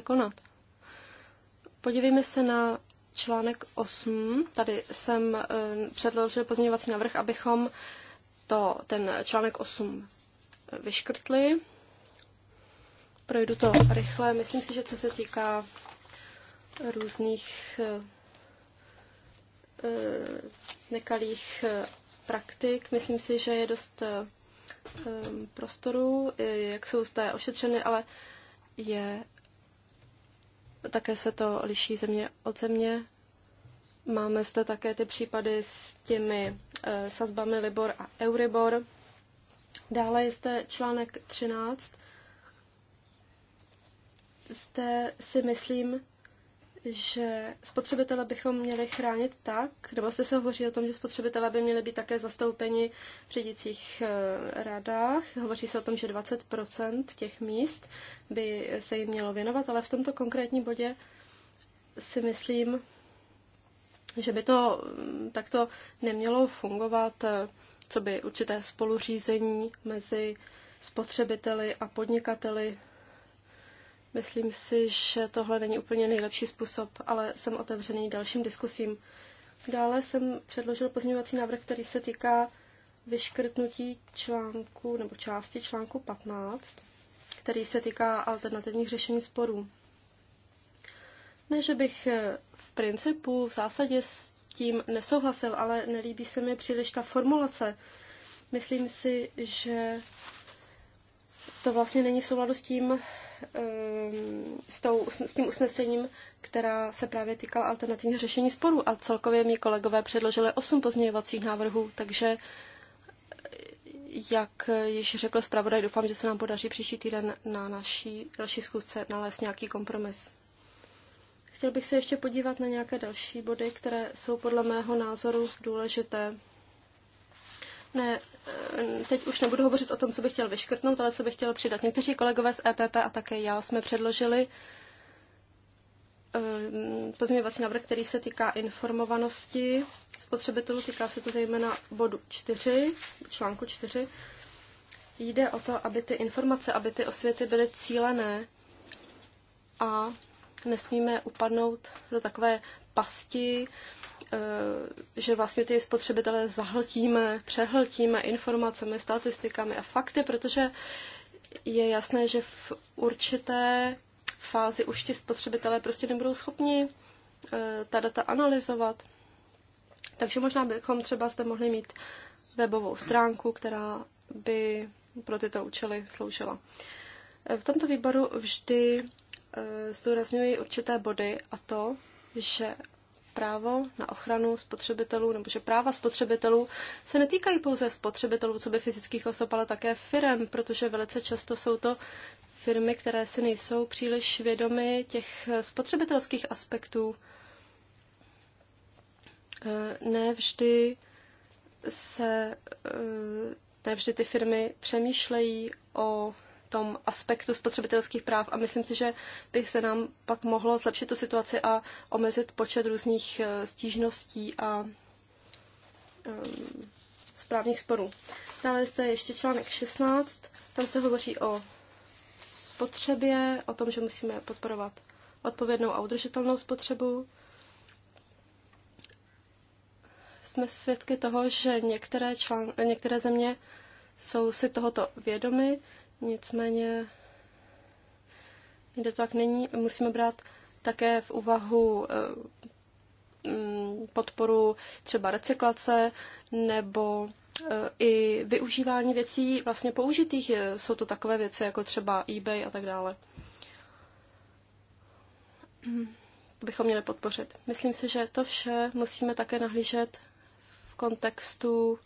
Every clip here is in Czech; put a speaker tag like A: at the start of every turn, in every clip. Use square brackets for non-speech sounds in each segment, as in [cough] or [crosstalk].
A: konat. Podívejme se na článek 8. Tady jsem eh, předložil pozměňovací návrh, abychom to, ten článek 8 eh, vyškrtli. Projdu to rychle. Myslím si, že co se týká různých eh, nekalých praktik, myslím si, že je dost prostoru, jak jsou zde ošetřeny, ale je také se to liší země od země. Máme zde také ty případy s těmi eh, sazbami Libor a Euribor. Dále je zde článek 13. Zde si myslím, že spotřebitele bychom měli chránit tak, nebo se se hovoří o tom, že spotřebitele by měli být také zastoupeni v řídících eh, radách. Hovoří se o tom, že 20% těch míst by se jim mělo věnovat, ale v tomto konkrétním bodě si myslím, že by to mm, takto nemělo fungovat, eh, co by určité spoluřízení mezi spotřebiteli a podnikateli Myslím si, že tohle není úplně nejlepší způsob, ale jsem otevřený dalším diskusím. Dále jsem předložil pozměňovací návrh, který se týká vyškrtnutí článku nebo části článku 15, který se týká alternativních řešení sporů. Ne, že bych eh, v principu, v zásadě s tím nesouhlasil, ale nelíbí se mi příliš ta formulace. Myslím si, že to vlastně není v souladu s tím, s, tou, s tím usnesením, která se právě týkala alternativního řešení sporů. A celkově mi kolegové předložili osm pozměňovacích návrhů, takže jak již řekl zpravodaj, doufám, že se nám podaří příští týden na naší další schůzce nalézt nějaký kompromis. Chtěl bych se ještě podívat na nějaké další body, které jsou podle mého názoru důležité. Ne, eh, teď už nebudu hovořit o tom, co bych chtěl vyškrtnout, ale co bych chtěl přidat. Někteří kolegové z EPP a také já jsme předložili eh, pozměňovací návrh, který se týká informovanosti spotřebitelů, týká se to zejména bodu 4, článku 4. Jde o to, aby ty informace, aby ty osvěty byly cílené a nesmíme upadnout do takové pasti, Eh, že vlastně ty spotřebitele zahltíme, přehltíme informacemi, statistikami a fakty, protože je jasné, že v určité fázi už ti spotřebitelé prostě nebudou schopni eh, ta data analyzovat. Takže možná bychom třeba zde mohli mít webovou stránku, která by pro tyto účely sloužila. Eh, v tomto výboru vždy zdůrazňuji určité body a to, že právo na ochranu spotřebitelů, nebo že práva spotřebitelů se netýkají pouze spotřebitelů, co by fyzických osob, ale také firm, protože velice často jsou to firmy, které si nejsou příliš vědomy těch spotřebitelských aspektů. Eh, ne vždy se, eh, ne vždy ty firmy přemýšlejí o tom aspektu spotřebitelských práv a myslím si, že by se nám pak mohlo zlepšit tu situaci a omezit počet různých eh, stížností a um, správních sporů. Dále zde ještě článek 16, tam se hovoří o spotřebě, o tom, že musíme podporovat odpovědnou a udržitelnou spotřebu. Jsme svědky toho, že některé, člán, některé země jsou si tohoto vědomy Nicméně jde to tak není. Musíme brát také v úvahu eh, mm, podporu třeba recyklace nebo eh, i využívání věcí vlastně použitých. Jsou to takové věci jako třeba eBay a tak dále. Bychom měli podpořit. Myslím si, že to vše musíme také nahlížet v kontextu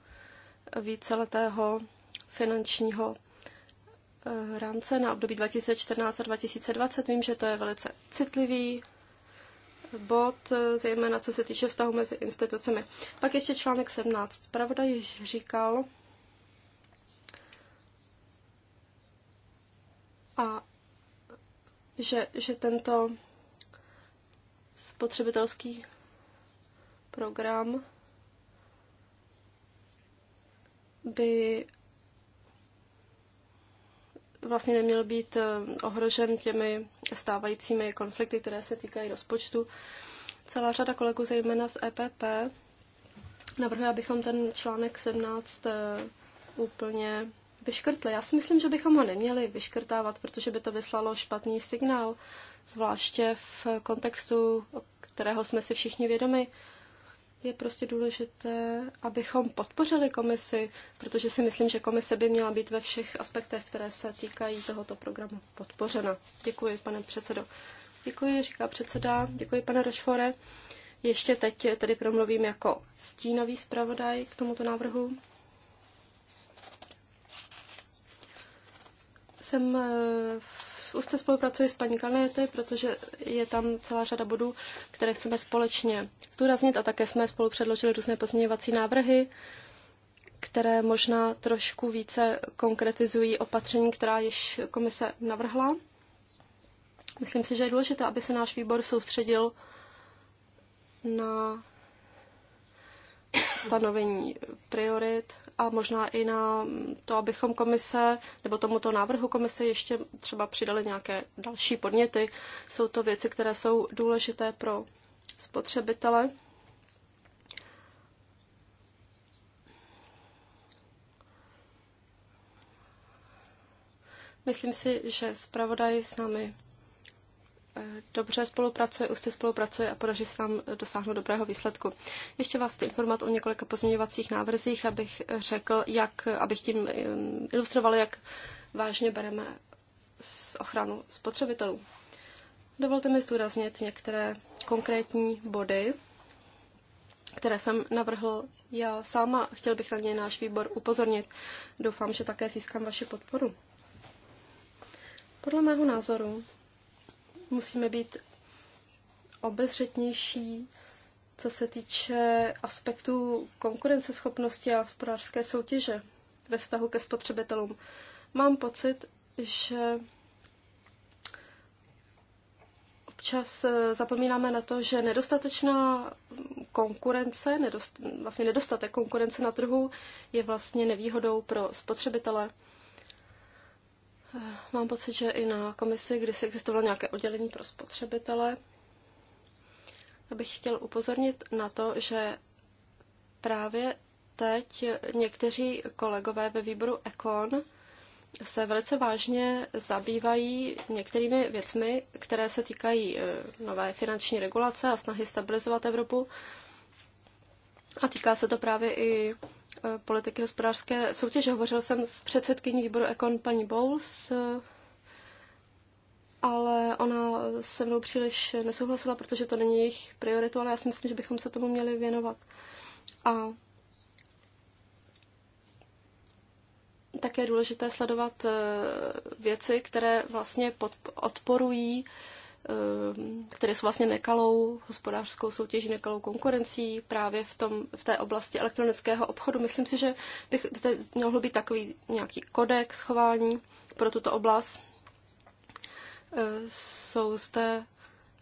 A: víceletého finančního Eh, rámce na období 2014 a 2020. Vím, že to je velice citlivý bod, eh, zejména co se týče vztahu mezi institucemi. Pak ještě článek 17. Pravda již říkal, a že, že tento spotřebitelský program by vlastně neměl být eh, ohrožen těmi stávajícími konflikty, které se týkají rozpočtu. Celá řada kolegů, zejména z EPP, navrhuje, abychom ten článek 17 eh, úplně vyškrtli. Já si myslím, že bychom ho neměli vyškrtávat, protože by to vyslalo špatný signál, zvláště v kontextu, kterého jsme si všichni vědomi je prostě důležité, abychom podpořili komisi, protože si myslím, že komise by měla být ve všech aspektech, které se týkají tohoto programu, podpořena. Děkuji, pane předsedo. Děkuji, říká předseda. Děkuji, pane Rošfore. Ještě teď tedy promluvím jako stínový zpravodaj k tomuto návrhu. Jsem v eh, úzce spolupracuji s paní Kalnety, protože je tam celá řada bodů, které chceme společně zdůraznit a také jsme spolu předložili různé pozměňovací návrhy, které možná trošku více konkretizují opatření, která již komise navrhla. Myslím si, že je důležité, aby se náš výbor soustředil na stanovení priorit, a možná i na to, abychom komise nebo tomuto návrhu komise ještě třeba přidali nějaké další podněty. Jsou to věci, které jsou důležité pro spotřebitele. Myslím si, že zpravodaj s námi dobře spolupracuje, už se spolupracuje a podaří se nám dosáhnout dobrého výsledku. Ještě vás chci informovat o několika pozměňovacích návrzích, abych řekl, jak, abych tím eh, ilustroval, jak vážně bereme s ochranu spotřebitelů. Dovolte mi zdůraznit některé konkrétní body, které jsem navrhl já sama. Chtěl bych na ně náš výbor upozornit. Doufám, že také získám vaši podporu. Podle mého názoru musíme být obezřetnější, co se týče aspektů konkurenceschopnosti a hospodářské soutěže ve vztahu ke spotřebitelům. Mám pocit, že občas eh, zapomínáme na to, že nedostatečná konkurence, nedost, vlastně nedostatek konkurence na trhu je vlastně nevýhodou pro spotřebitele. Mám pocit, že i na komisi kdysi existovalo nějaké oddělení pro spotřebitele. Abych chtěl upozornit na to, že právě teď někteří kolegové ve výboru Econ se velice vážně zabývají některými věcmi, které se týkají e, nové finanční regulace a snahy stabilizovat Evropu. A týká se to právě i politiky hospodářské soutěže. Hovořil jsem s předsedkyní výboru Econ paní Bowles, ale ona se mnou příliš nesouhlasila, protože to není jejich prioritu, ale já si myslím, že bychom se tomu měli věnovat. A také je důležité sledovat eh, věci, které vlastně odporují Eh, které jsou vlastně nekalou hospodářskou soutěží, nekalou konkurencí právě v, tom, v té oblasti elektronického obchodu. Myslím si, že bych zde mohl být takový nějaký kodex chování pro tuto oblast. Eh, jsou zde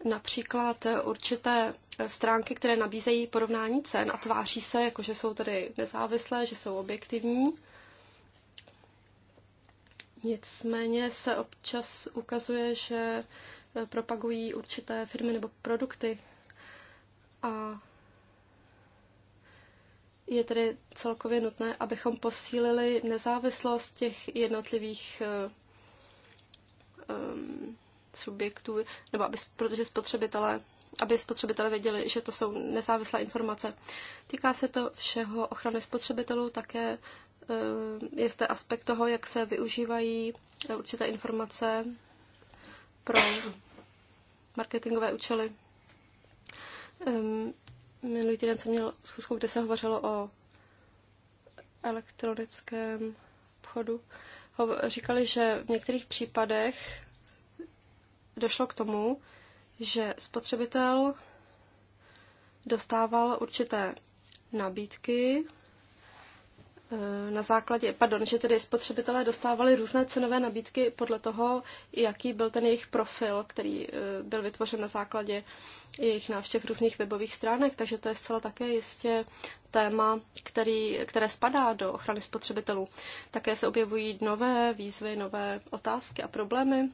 A: například určité stránky, které nabízejí porovnání cen a tváří se, jako že jsou tedy nezávislé, že jsou objektivní. Nicméně se občas ukazuje, že propagují určité firmy nebo produkty. A je tedy celkově nutné, abychom posílili nezávislost těch jednotlivých um, subjektů, nebo aby, protože spotřebitelé, aby spotřebitelé věděli, že to jsou nezávislé informace. Týká se to všeho ochrany spotřebitelů, také eh, je zde aspekt toho, jak se využívají určité informace pro marketingové účely. Um, minulý týden jsem měl schůzku, kde se hovořilo o elektronickém obchodu. Ho- říkali, že v některých případech došlo k tomu, že spotřebitel dostával určité nabídky Eh, na základě, pardon, že tedy spotřebitelé dostávali různé cenové nabídky podle toho, jaký byl ten jejich profil, který eh, byl vytvořen na základě jejich návštěv různých webových stránek, takže to je zcela také jistě téma, který, které spadá do ochrany spotřebitelů. Také se objevují nové výzvy, nové otázky a problémy.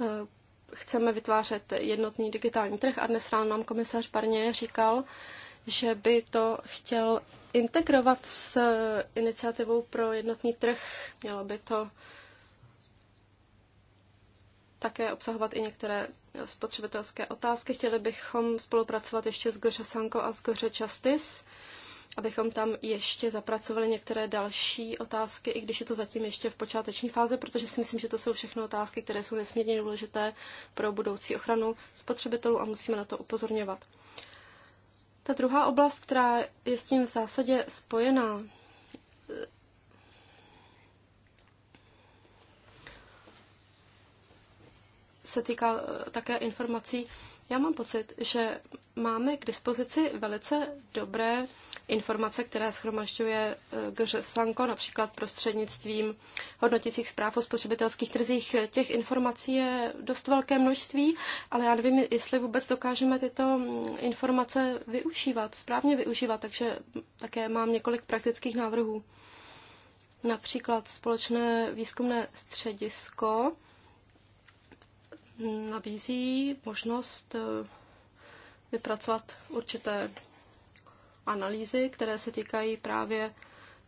A: Eh, chceme vytvářet jednotný digitální trh a dnes ráno nám komisař Barně říkal, že by to chtěl integrovat s iniciativou pro jednotný trh. Mělo by to také obsahovat i některé spotřebitelské otázky. Chtěli bychom spolupracovat ještě s Goře Sanko a s Goře Justice, abychom tam ještě zapracovali některé další otázky, i když je to zatím ještě v počáteční fázi, protože si myslím, že to jsou všechno otázky, které jsou nesmírně důležité pro budoucí ochranu spotřebitelů a musíme na to upozorňovat. Ta druhá oblast, která je s tím v zásadě spojená, se týká eh, také informací. Já mám pocit, že máme k dispozici velice dobré informace, které schromažďuje eh, GŘ Sanko, například prostřednictvím hodnotících zpráv o spotřebitelských trzích. Těch informací je dost velké množství, ale já nevím, jestli vůbec dokážeme tyto mm, informace využívat, správně využívat, takže také mám několik praktických návrhů. Například společné výzkumné středisko, nabízí možnost eh, vypracovat určité analýzy, které se týkají právě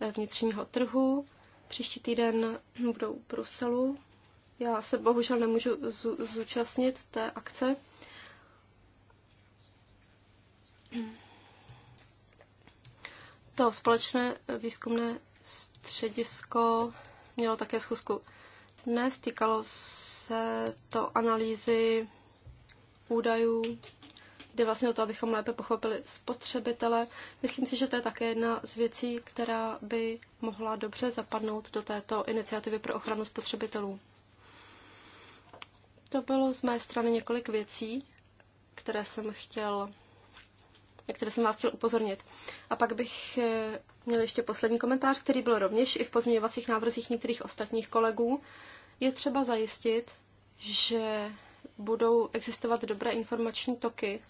A: eh, vnitřního trhu. Příští týden [clears throat] budou v Bruselu. Já se bohužel nemůžu zúčastnit té akce. [clears throat] To společné eh, výzkumné středisko mělo také schůzku dnes, týkalo se to analýzy údajů, kde vlastně o to, abychom lépe pochopili spotřebitele. Myslím si, že to je také jedna z věcí, která by mohla dobře zapadnout do této iniciativy pro ochranu spotřebitelů. To bylo z mé strany několik věcí, které jsem chtěl na které jsem vás chtěl upozornit. A pak bych eh, měl ještě poslední komentář, který byl rovněž i v pozměňovacích návrzích některých ostatních kolegů. Je třeba zajistit, že budou existovat dobré informační toky,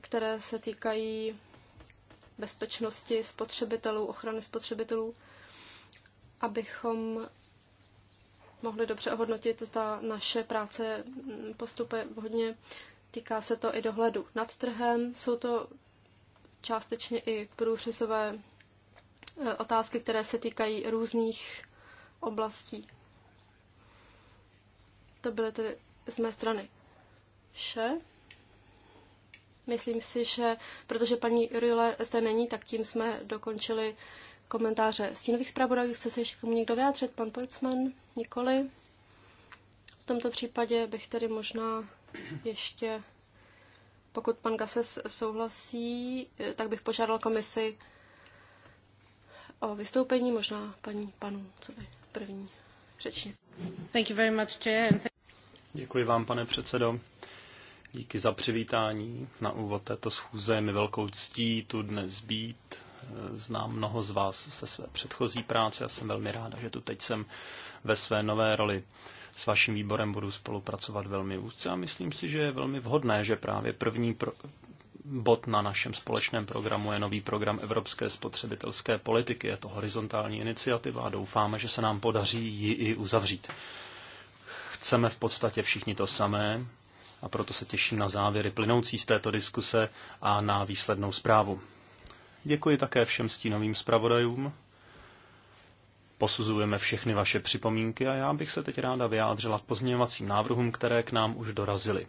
A: které se týkají bezpečnosti spotřebitelů, ochrany spotřebitelů, abychom mohli dobře ohodnotit, zda naše práce mm, postupuje vhodně. Týká se to i dohledu nad trhem, jsou to částečně i průřezové Eh, otázky, které se týkají různých oblastí. To byly tedy z mé strany vše. Myslím si, že protože paní Ryle zde není, tak tím jsme dokončili komentáře stínových zpravodajů. Chce se ještě komu někdo vyjádřit? Pan Pojcman? Nikoli? V tomto případě bych tedy možná ještě, pokud pan Gases souhlasí, eh, tak bych požádal komisi o vystoupení, možná paní panu, co by první řečně. Thank you very much, Chair.
B: Děkuji vám, pane předsedo. Díky za přivítání na úvod této schůze. Je mi velkou ctí tu dnes být. Znám mnoho z vás se své předchozí práce a jsem velmi ráda, že tu teď jsem ve své nové roli. S vaším výborem budu spolupracovat velmi úzce a myslím si, že je velmi vhodné, že právě první pro, bod na našem společném programu je nový program Evropské spotřebitelské politiky. Je to horizontální iniciativa a doufáme, že se nám podaří ji i uzavřít. Chceme v podstatě všichni to samé a proto se těším na závěry plynoucí z této diskuse a na výslednou zprávu. Děkuji také všem stínovým zpravodajům. Posuzujeme všechny vaše připomínky a já bych se teď ráda vyjádřila k pozměňovacím návrhům, které k nám už dorazily.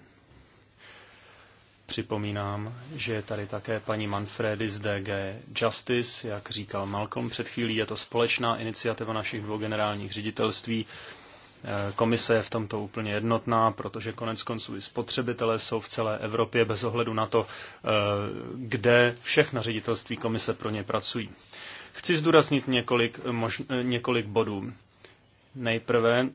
B: Připomínám, že je tady také paní Manfredis z DG Justice, jak říkal Malcolm před chvílí, je to společná iniciativa našich dvou generálních ředitelství. Eh, komise je v tomto úplně jednotná, protože konec konců i spotřebitelé jsou v celé Evropě bez ohledu na to, eh, kde všechna ředitelství komise pro ně pracují. Chci zdůraznit několik, mož, několik bodů. Nejprve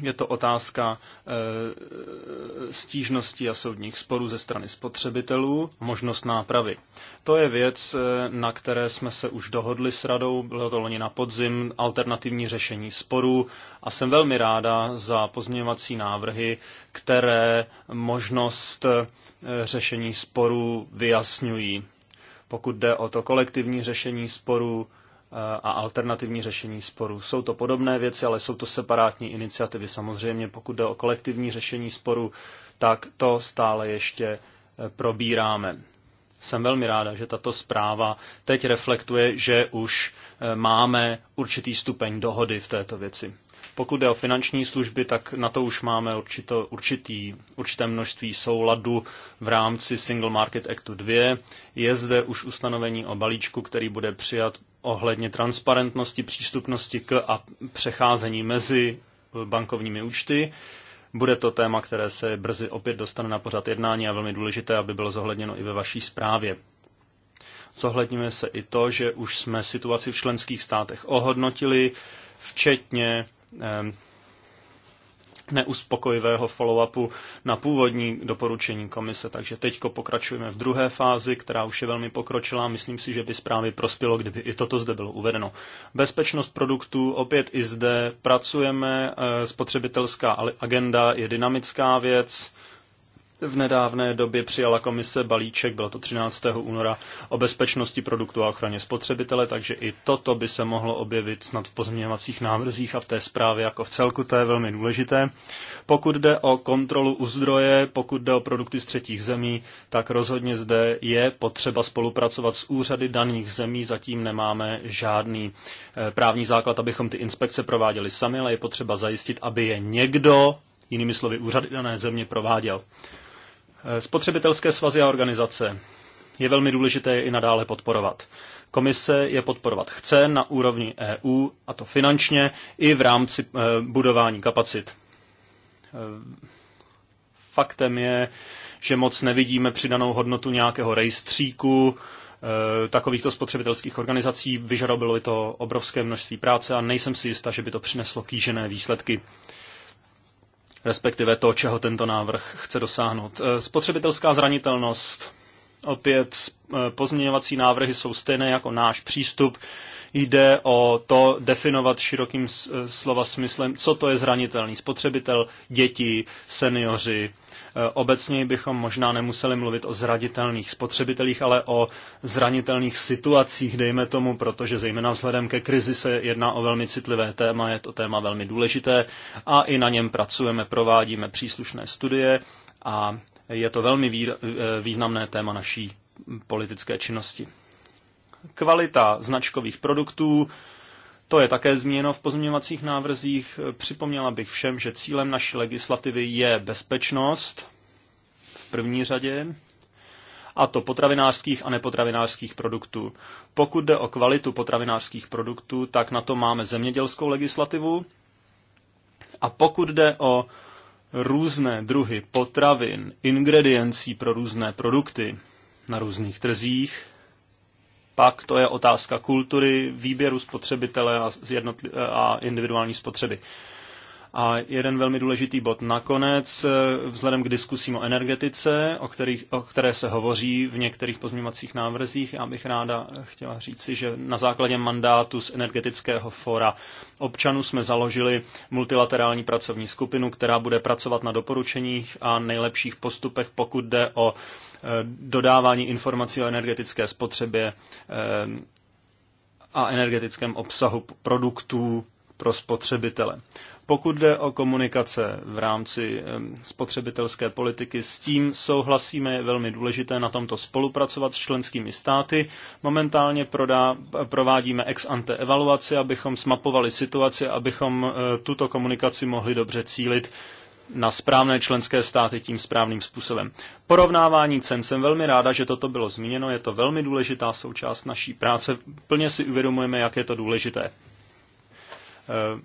B: je to otázka eh, stížností a soudních sporů ze strany spotřebitelů, možnost nápravy. To je věc, eh, na které jsme se už dohodli s radou, bylo to loni na podzim, alternativní řešení sporů a jsem velmi ráda za pozměňovací návrhy, které možnost eh, řešení sporů vyjasňují. Pokud jde o to kolektivní řešení sporů, a alternativní řešení sporů. Jsou to podobné věci, ale jsou to separátní iniciativy. Samozřejmě, pokud jde o kolektivní řešení sporů, tak to stále ještě e, probíráme. Jsem velmi ráda, že tato zpráva teď reflektuje, že už e, máme určitý stupeň dohody v této věci. Pokud jde o finanční služby, tak na to už máme určito, určitý, určité množství souladu v rámci Single Market Actu 2. Je zde už ustanovení o balíčku, který bude přijat ohledně transparentnosti, přístupnosti k a přecházení mezi eh, bankovními účty. Bude to téma, které se brzy opět dostane na pořad jednání a velmi důležité, aby bylo zohledněno i ve vaší zprávě. Zohledňuje se i to, že už jsme situaci v členských státech ohodnotili, včetně eh, neuspokojivého follow-upu na původní doporučení komise. Takže teď pokračujeme v druhé fázi, která už je velmi pokročila. Myslím si, že by zprávy prospělo, kdyby i toto zde bylo uvedeno. Bezpečnost produktů, opět i zde pracujeme. Eh, spotřebitelská agenda je dynamická věc v nedávné době přijala komise balíček, bylo to 13. února, o bezpečnosti produktů a ochraně spotřebitele, takže i toto by se mohlo objevit snad v pozměňovacích návrzích a v té zprávě jako v celku, to je velmi důležité. Pokud jde o kontrolu u zdroje, pokud jde o produkty z třetích zemí, tak rozhodně zde je potřeba spolupracovat s úřady daných zemí, zatím nemáme žádný eh, právní základ, abychom ty inspekce prováděli sami, ale je potřeba zajistit, aby je někdo, jinými slovy úřady dané země, prováděl. Eh, spotřebitelské svazy a organizace je velmi důležité je i nadále podporovat. Komise je podporovat chce na úrovni EU, a to finančně, i v rámci eh, budování kapacit. Eh, faktem je, že moc nevidíme přidanou hodnotu nějakého rejstříku takovýchto spotřebitelských organizací. Vyžadovalo by to obrovské množství práce a nejsem si jistá, že by to přineslo kýžené výsledky respektive to, čeho tento návrh chce dosáhnout. Eh, spotřebitelská zranitelnost. Opět eh, pozměňovací návrhy jsou stejné jako náš přístup Jde o to definovat širokým e, slova smyslem, co to je zranitelný spotřebitel, děti, seniori. E, obecně bychom možná nemuseli mluvit o zranitelných spotřebitelích, ale o zranitelných situacích, dejme tomu, protože zejména vzhledem ke krizi se jedná o velmi citlivé téma, je to téma velmi důležité a i na něm pracujeme, provádíme příslušné studie a je to velmi e, významné téma naší politické činnosti. Kvalita značkových produktů, to je také změno v pozměňovacích návrzích. Připomněla bych všem, že cílem naší legislativy je bezpečnost v první řadě, a to potravinářských a nepotravinářských produktů. Pokud jde o kvalitu potravinářských produktů, tak na to máme zemědělskou legislativu. A pokud jde o různé druhy potravin, ingrediencí pro různé produkty na různých trzích, pak to je otázka kultury, výběru spotřebitele a, a individuální spotřeby. A jeden velmi důležitý bod nakonec, eh, vzhledem k diskusím o energetice, o, kterých, o které se hovoří v některých pozměňovacích návrzích, já bych ráda chtěla říci, že na základě mandátu z energetického fora občanů jsme založili multilaterální pracovní skupinu, která bude pracovat na doporučeních a nejlepších postupech, pokud jde o eh, dodávání informací o energetické spotřebě eh, a energetickém obsahu produktů pro spotřebitele. Pokud jde o komunikace v rámci spotřebitelské politiky, s tím souhlasíme, je velmi důležité na tomto spolupracovat s členskými státy. Momentálně prodá, provádíme ex ante evaluaci, abychom smapovali situaci, abychom eh, tuto komunikaci mohli dobře cílit na správné členské státy tím správným způsobem. Porovnávání cen jsem velmi ráda, že toto bylo zmíněno, je to velmi důležitá součást naší práce, plně si uvědomujeme, jak je to důležité. Eh,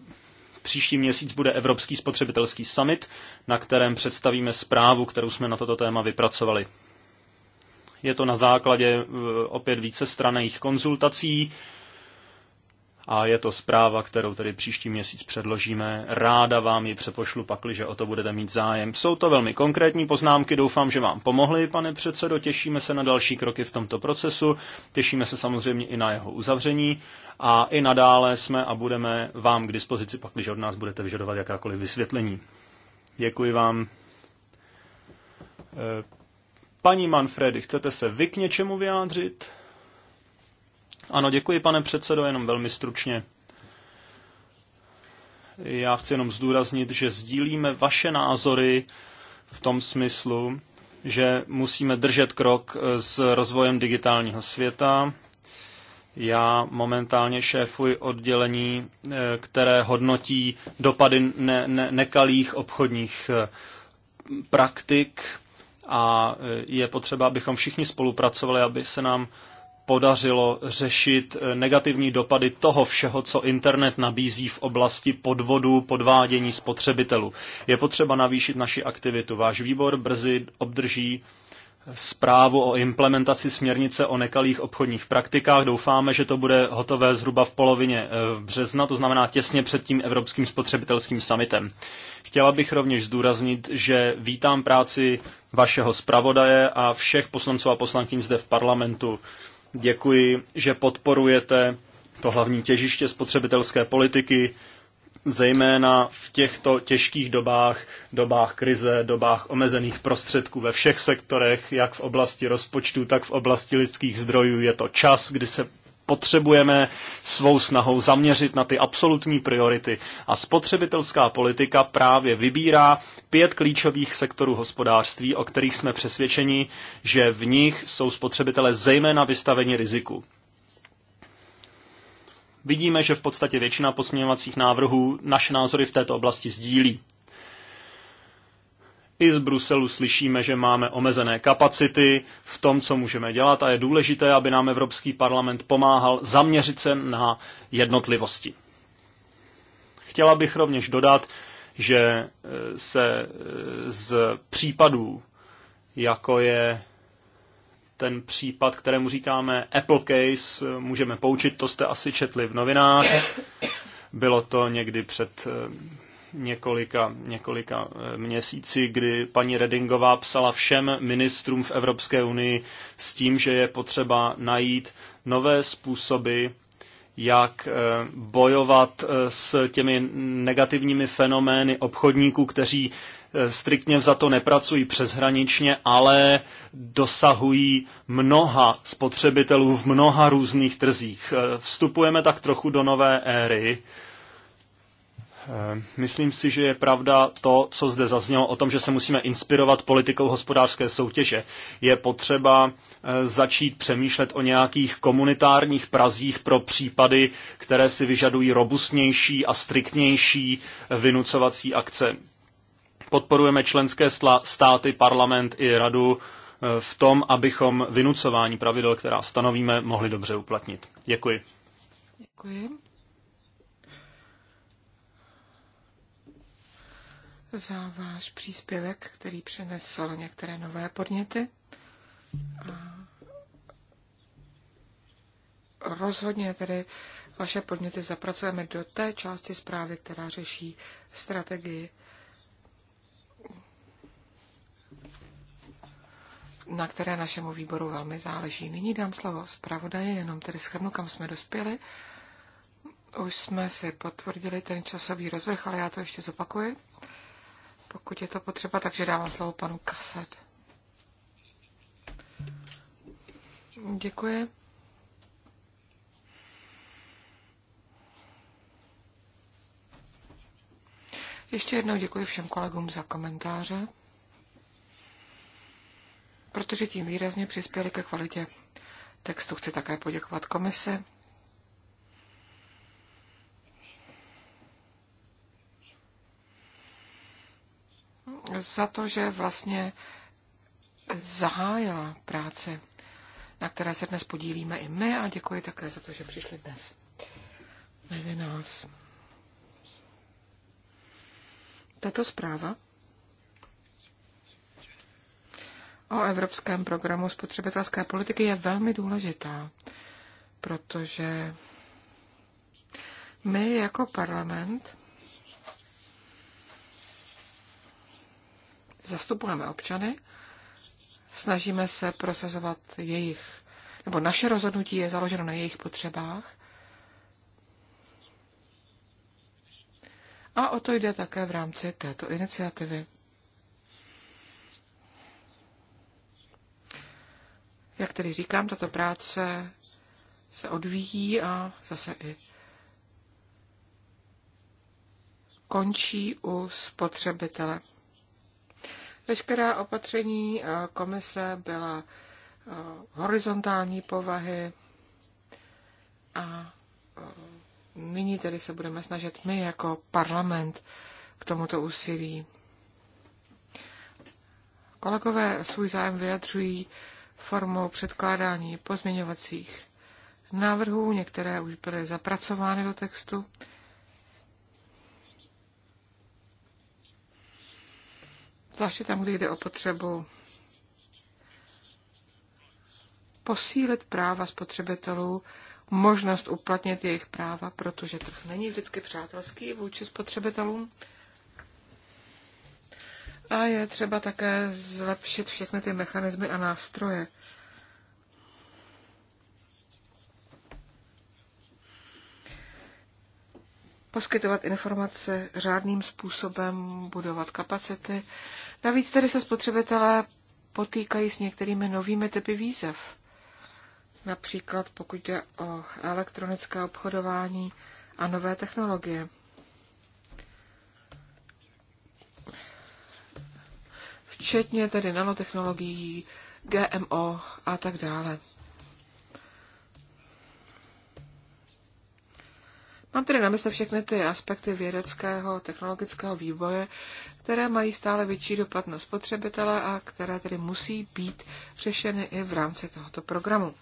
B: Příští měsíc bude Evropský spotřebitelský summit, na kterém představíme zprávu, kterou jsme na toto téma vypracovali. Je to na základě eh, opět vícestraných konzultací, a je to zpráva, kterou tedy příští měsíc předložíme. Ráda vám ji přepošlu pakli, že o to budete mít zájem. Jsou to velmi konkrétní poznámky, doufám, že vám pomohly, pane předsedo. Těšíme se na další kroky v tomto procesu, těšíme se samozřejmě i na jeho uzavření a i nadále jsme a budeme vám k dispozici, pakliže od nás budete vyžadovat jakákoliv vysvětlení. Děkuji vám. Eh, paní Manfredy, chcete se vy k něčemu vyjádřit? Ano, děkuji, pane předsedo, jenom velmi stručně. Já chci jenom zdůraznit, že sdílíme vaše názory v tom smyslu, že musíme držet krok s rozvojem digitálního světa. Já momentálně šéfuji oddělení, eh, které hodnotí dopady ne- ne- nekalých obchodních eh, praktik a eh, je potřeba, abychom všichni spolupracovali, aby se nám podařilo řešit eh, negativní dopady toho všeho, co internet nabízí v oblasti podvodu, podvádění spotřebitelů. Je potřeba navýšit naši aktivitu. Váš výbor brzy obdrží eh, zprávu o implementaci směrnice o nekalých obchodních praktikách. Doufáme, že to bude hotové zhruba v polovině v eh, března, to znamená těsně před tím Evropským spotřebitelským summitem. Chtěla bych rovněž zdůraznit, že vítám práci vašeho zpravodaje a všech poslanců a poslankyň zde v parlamentu. Děkuji, že podporujete to hlavní těžiště spotřebitelské politiky, zejména v těchto těžkých dobách, dobách krize, dobách omezených prostředků ve všech sektorech, jak v oblasti rozpočtu, tak v oblasti lidských zdrojů. Je to čas, kdy se potřebujeme svou snahou zaměřit na ty absolutní priority. A spotřebitelská politika právě vybírá pět klíčových sektorů hospodářství, o kterých jsme přesvědčeni, že v nich jsou spotřebitelé zejména vystaveni riziku. Vidíme, že v podstatě většina posměňovacích návrhů naše názory v této oblasti sdílí. I z Bruselu slyšíme, že máme omezené kapacity v tom, co můžeme dělat a je důležité, aby nám Evropský parlament pomáhal zaměřit se na jednotlivosti. Chtěla bych rovněž dodat, že e, se e, z případů, jako je ten případ, kterému říkáme Apple Case, můžeme poučit, to jste asi četli v novinách. Bylo to někdy před e, několika, několika eh, měsíci, kdy paní Redingová psala všem ministrům v Evropské unii s tím, že je potřeba najít nové způsoby, jak eh, bojovat eh, s těmi negativními fenomény obchodníků, kteří striktně za to nepracují přeshraničně, ale dosahují mnoha spotřebitelů v mnoha různých trzích. Vstupujeme tak trochu do nové éry, Eh, myslím si, že je pravda to, co zde zaznělo o tom, že se musíme inspirovat politikou hospodářské soutěže. Je potřeba eh, začít přemýšlet o nějakých komunitárních prazích pro případy, které si vyžadují robustnější a striktnější eh, vynucovací akce. Podporujeme členské státy, parlament i radu v tom, abychom vynucování pravidel, která stanovíme, mohli dobře uplatnit. Děkuji.
C: Děkuji. za váš příspěvek, který přinesl některé nové podněty. A rozhodně tedy vaše podněty zapracujeme do té části zprávy, která řeší strategii na které našemu výboru velmi záleží. Nyní dám slovo zpravodaji, jenom tedy schrnu, kam jsme dospěli. Už jsme si potvrdili ten časový rozvrh, ale já to ještě zopakuji pokud je to potřeba, takže dávám slovo panu Kaset. Děkuji. Ještě jednou děkuji všem kolegům za komentáře, protože tím výrazně přispěli ke kvalitě textu. Chci také poděkovat komisi za to, že vlastně zahájila práce, na které se dnes podílíme i my a děkuji také za to, že přišli dnes mezi nás. Tato zpráva o evropském programu spotřebitelské politiky je velmi důležitá, protože my jako parlament zastupujeme občany, snažíme se prosazovat jejich, nebo naše rozhodnutí je založeno na jejich potřebách. A o to jde také v rámci této iniciativy. Jak tedy říkám, tato práce se odvíjí a zase i končí u spotřebitele. Veškerá opatření eh, komise byla eh, horizontální povahy a eh, nyní tedy se budeme snažit my jako parlament k tomuto úsilí. Kolegové svůj zájem vyjadřují formou předkládání pozměňovacích návrhů, některé už byly zapracovány do textu. zvláště tam, kde jde o potřebu posílit práva spotřebitelů, možnost uplatnit jejich práva, protože trh není vždycky přátelský vůči spotřebitelům. A je třeba také zlepšit všechny ty mechanismy a nástroje. Poskytovat informace řádným způsobem, budovat kapacity Navíc tady se spotřebitelé potýkají s některými novými typy výzev. Například pokud jde o elektronické obchodování a nové technologie. Včetně tedy nanotechnologií, GMO a tak dále. Mám tedy na mysli všechny ty aspekty vědeckého, technologického vývoje, které mají stále větší dopad na spotřebitele a které tedy musí být řešeny i v rámci tohoto programu.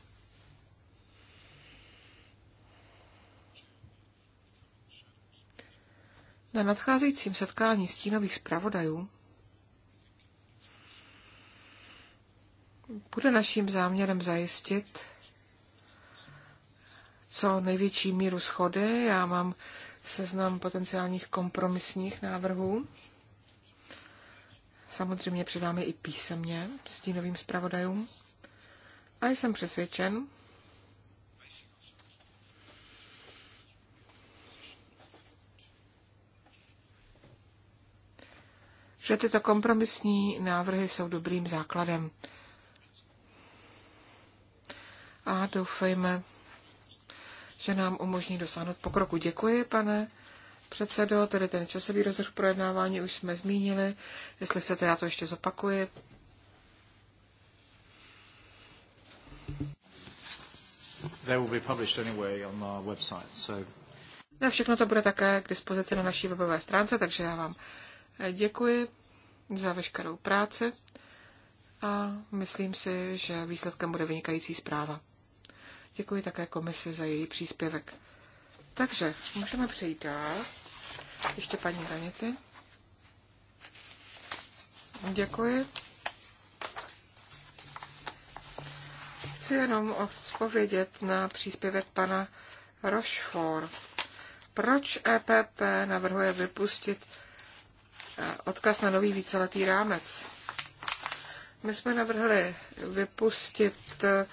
C: Na nadcházejícím setkání stínových zpravodajů bude naším záměrem zajistit, co největší míru schody. Já mám seznam potenciálních kompromisních návrhů. Samozřejmě předáme i písemně stínovým zpravodajům. A jsem přesvědčen, že tyto kompromisní návrhy jsou dobrým základem. A doufejme, že nám umožní dosáhnout pokroku. Děkuji, pane předsedo, tedy ten časový rozvrh projednávání už jsme zmínili. Jestli chcete, já to ještě zopakuji.
A: They will be published
B: anyway on our website, so...
C: No, všechno to bude také k dispozici na naší webové stránce, takže já vám eh, děkuji za veškerou práci a myslím si, že výsledkem bude vynikající zpráva. Děkuji také komisi za její příspěvek. Takže můžeme přejít dál. Ještě paní Danity. Děkuji. Chci jenom odpovědět na příspěvek pana Rochefort. Proč EPP navrhuje vypustit eh, odkaz na nový víceletý rámec? My jsme navrhli vypustit eh,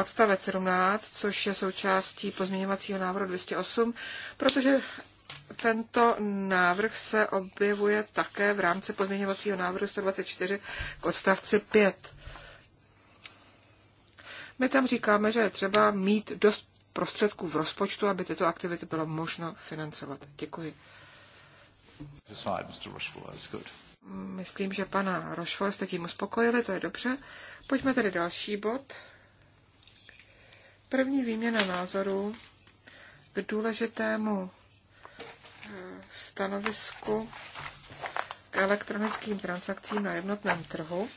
C: odstavec 17, což je součástí pozměňovacího návrhu 208, protože tento návrh se objevuje také v rámci pozměňovacího návrhu 124 k odstavci 5. My tam říkáme, že je třeba mít dost prostředků v rozpočtu, aby tyto aktivity bylo možno financovat. Děkuji. Myslím, že pana Rošvo jste tím uspokojili, to je dobře. Pojďme tedy další bod. První výměna názorů k důležitému eh, stanovisku k elektronickým transakcím na jednotném trhu.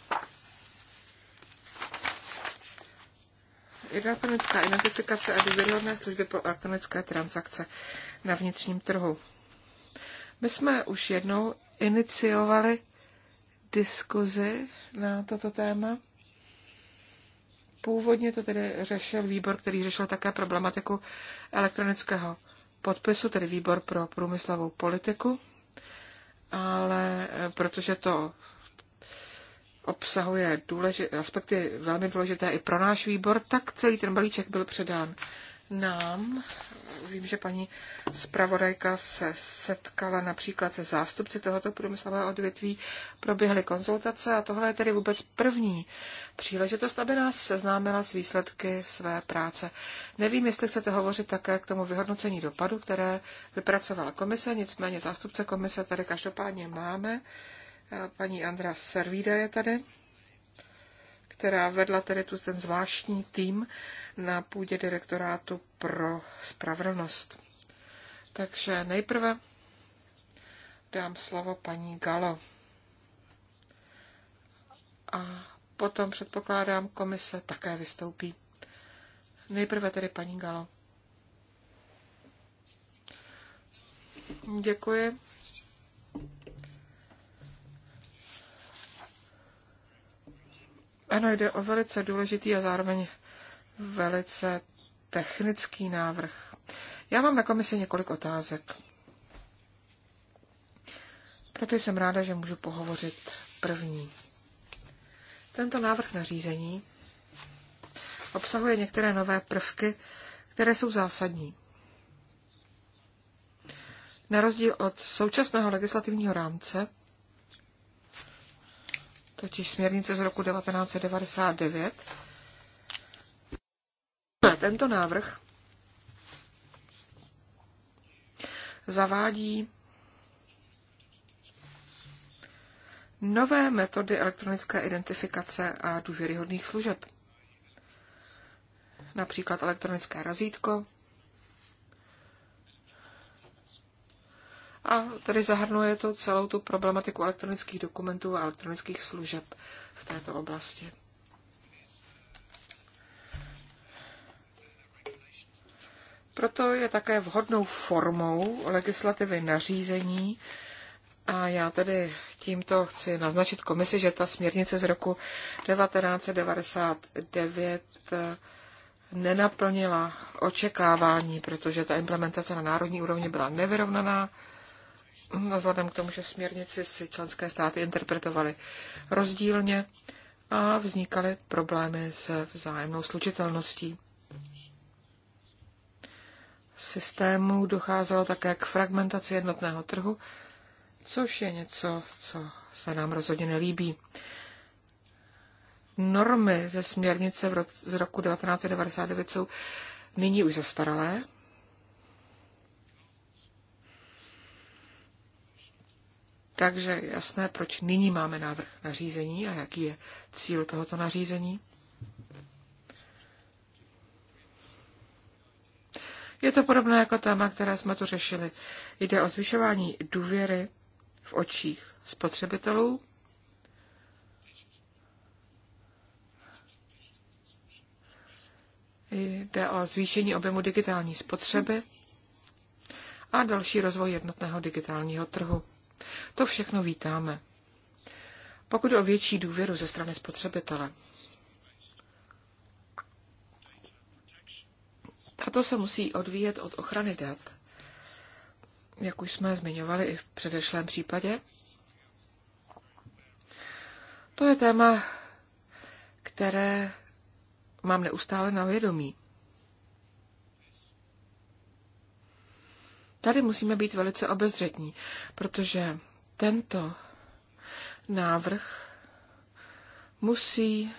C: Elektronická identifikace a důvěryhodné služby pro elektronické transakce na vnitřním trhu. My jsme už jednou iniciovali diskuzi na toto téma. Původně to tedy řešil výbor, který řešil také problematiku elektronického podpisu, tedy výbor pro průmyslovou politiku, ale eh, protože to obsahuje důležité, aspekty velmi důležité i pro náš výbor, tak celý ten balíček byl předán nám vím, že paní zpravodajka se setkala například se zástupci tohoto průmyslového odvětví, proběhly konzultace a tohle je tedy vůbec první příležitost, aby nás seznámila s výsledky své práce. Nevím, jestli chcete hovořit také k tomu vyhodnocení dopadu, které vypracovala komise, nicméně zástupce komise tady každopádně máme. Paní Andra Servída je tady která vedla tedy tu ten zvláštní tým na půdě direktorátu pro spravedlnost. Takže nejprve dám slovo paní Galo. A potom předpokládám, komise také vystoupí. Nejprve tedy paní Galo. Děkuji. Ano, jde o velice důležitý a zároveň velice technický návrh. Já mám na komisi několik otázek. Proto jsem ráda, že můžu pohovořit první. Tento návrh nařízení obsahuje některé nové prvky, které jsou zásadní. Na rozdíl od současného legislativního rámce, totiž směrnice z roku 1999. Tento návrh zavádí nové metody elektronické identifikace a důvěryhodných služeb. Například elektronické razítko, a tedy zahrnuje to celou tu problematiku elektronických dokumentů a elektronických služeb v této oblasti. Proto je také vhodnou formou legislativy nařízení a já tedy tímto chci naznačit komisi, že ta směrnice z roku 1999 eh, nenaplnila očekávání, protože ta implementace na národní úrovni byla nevyrovnaná No, vzhledem k tomu, že směrnici si členské státy interpretovaly rozdílně a vznikaly problémy s vzájemnou slučitelností systému docházelo také k fragmentaci jednotného trhu, což je něco, co se nám rozhodně nelíbí. Normy ze směrnice z roku 1999 jsou nyní už zastaralé Takže jasné, proč nyní máme návrh nařízení a jaký je cíl tohoto nařízení. Je to podobné jako téma, které jsme tu řešili. Jde o zvyšování důvěry v očích spotřebitelů Jde o zvýšení objemu digitální spotřeby a další rozvoj jednotného digitálního trhu. To všechno vítáme. Pokud o větší důvěru ze strany spotřebitele, tato se musí odvíjet od ochrany dat, jak už jsme zmiňovali i v předešlém případě. To je téma, které mám neustále na vědomí. Tady musíme být velice obezřetní, protože tento návrh musí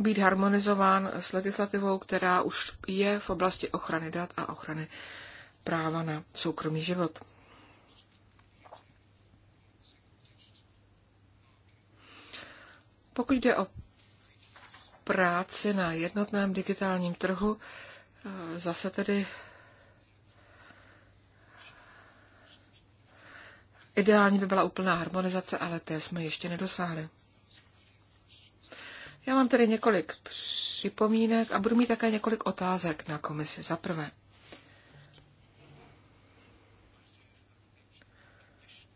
C: být harmonizován s legislativou, která už je v oblasti ochrany dat a ochrany práva na soukromý život. Pokud jde o práci na jednotném digitálním trhu, Eh, zase tedy ideální by byla úplná harmonizace, ale té jsme ještě nedosáhli. Já mám tedy několik připomínek a budu mít také několik otázek na komisi. Za prvé,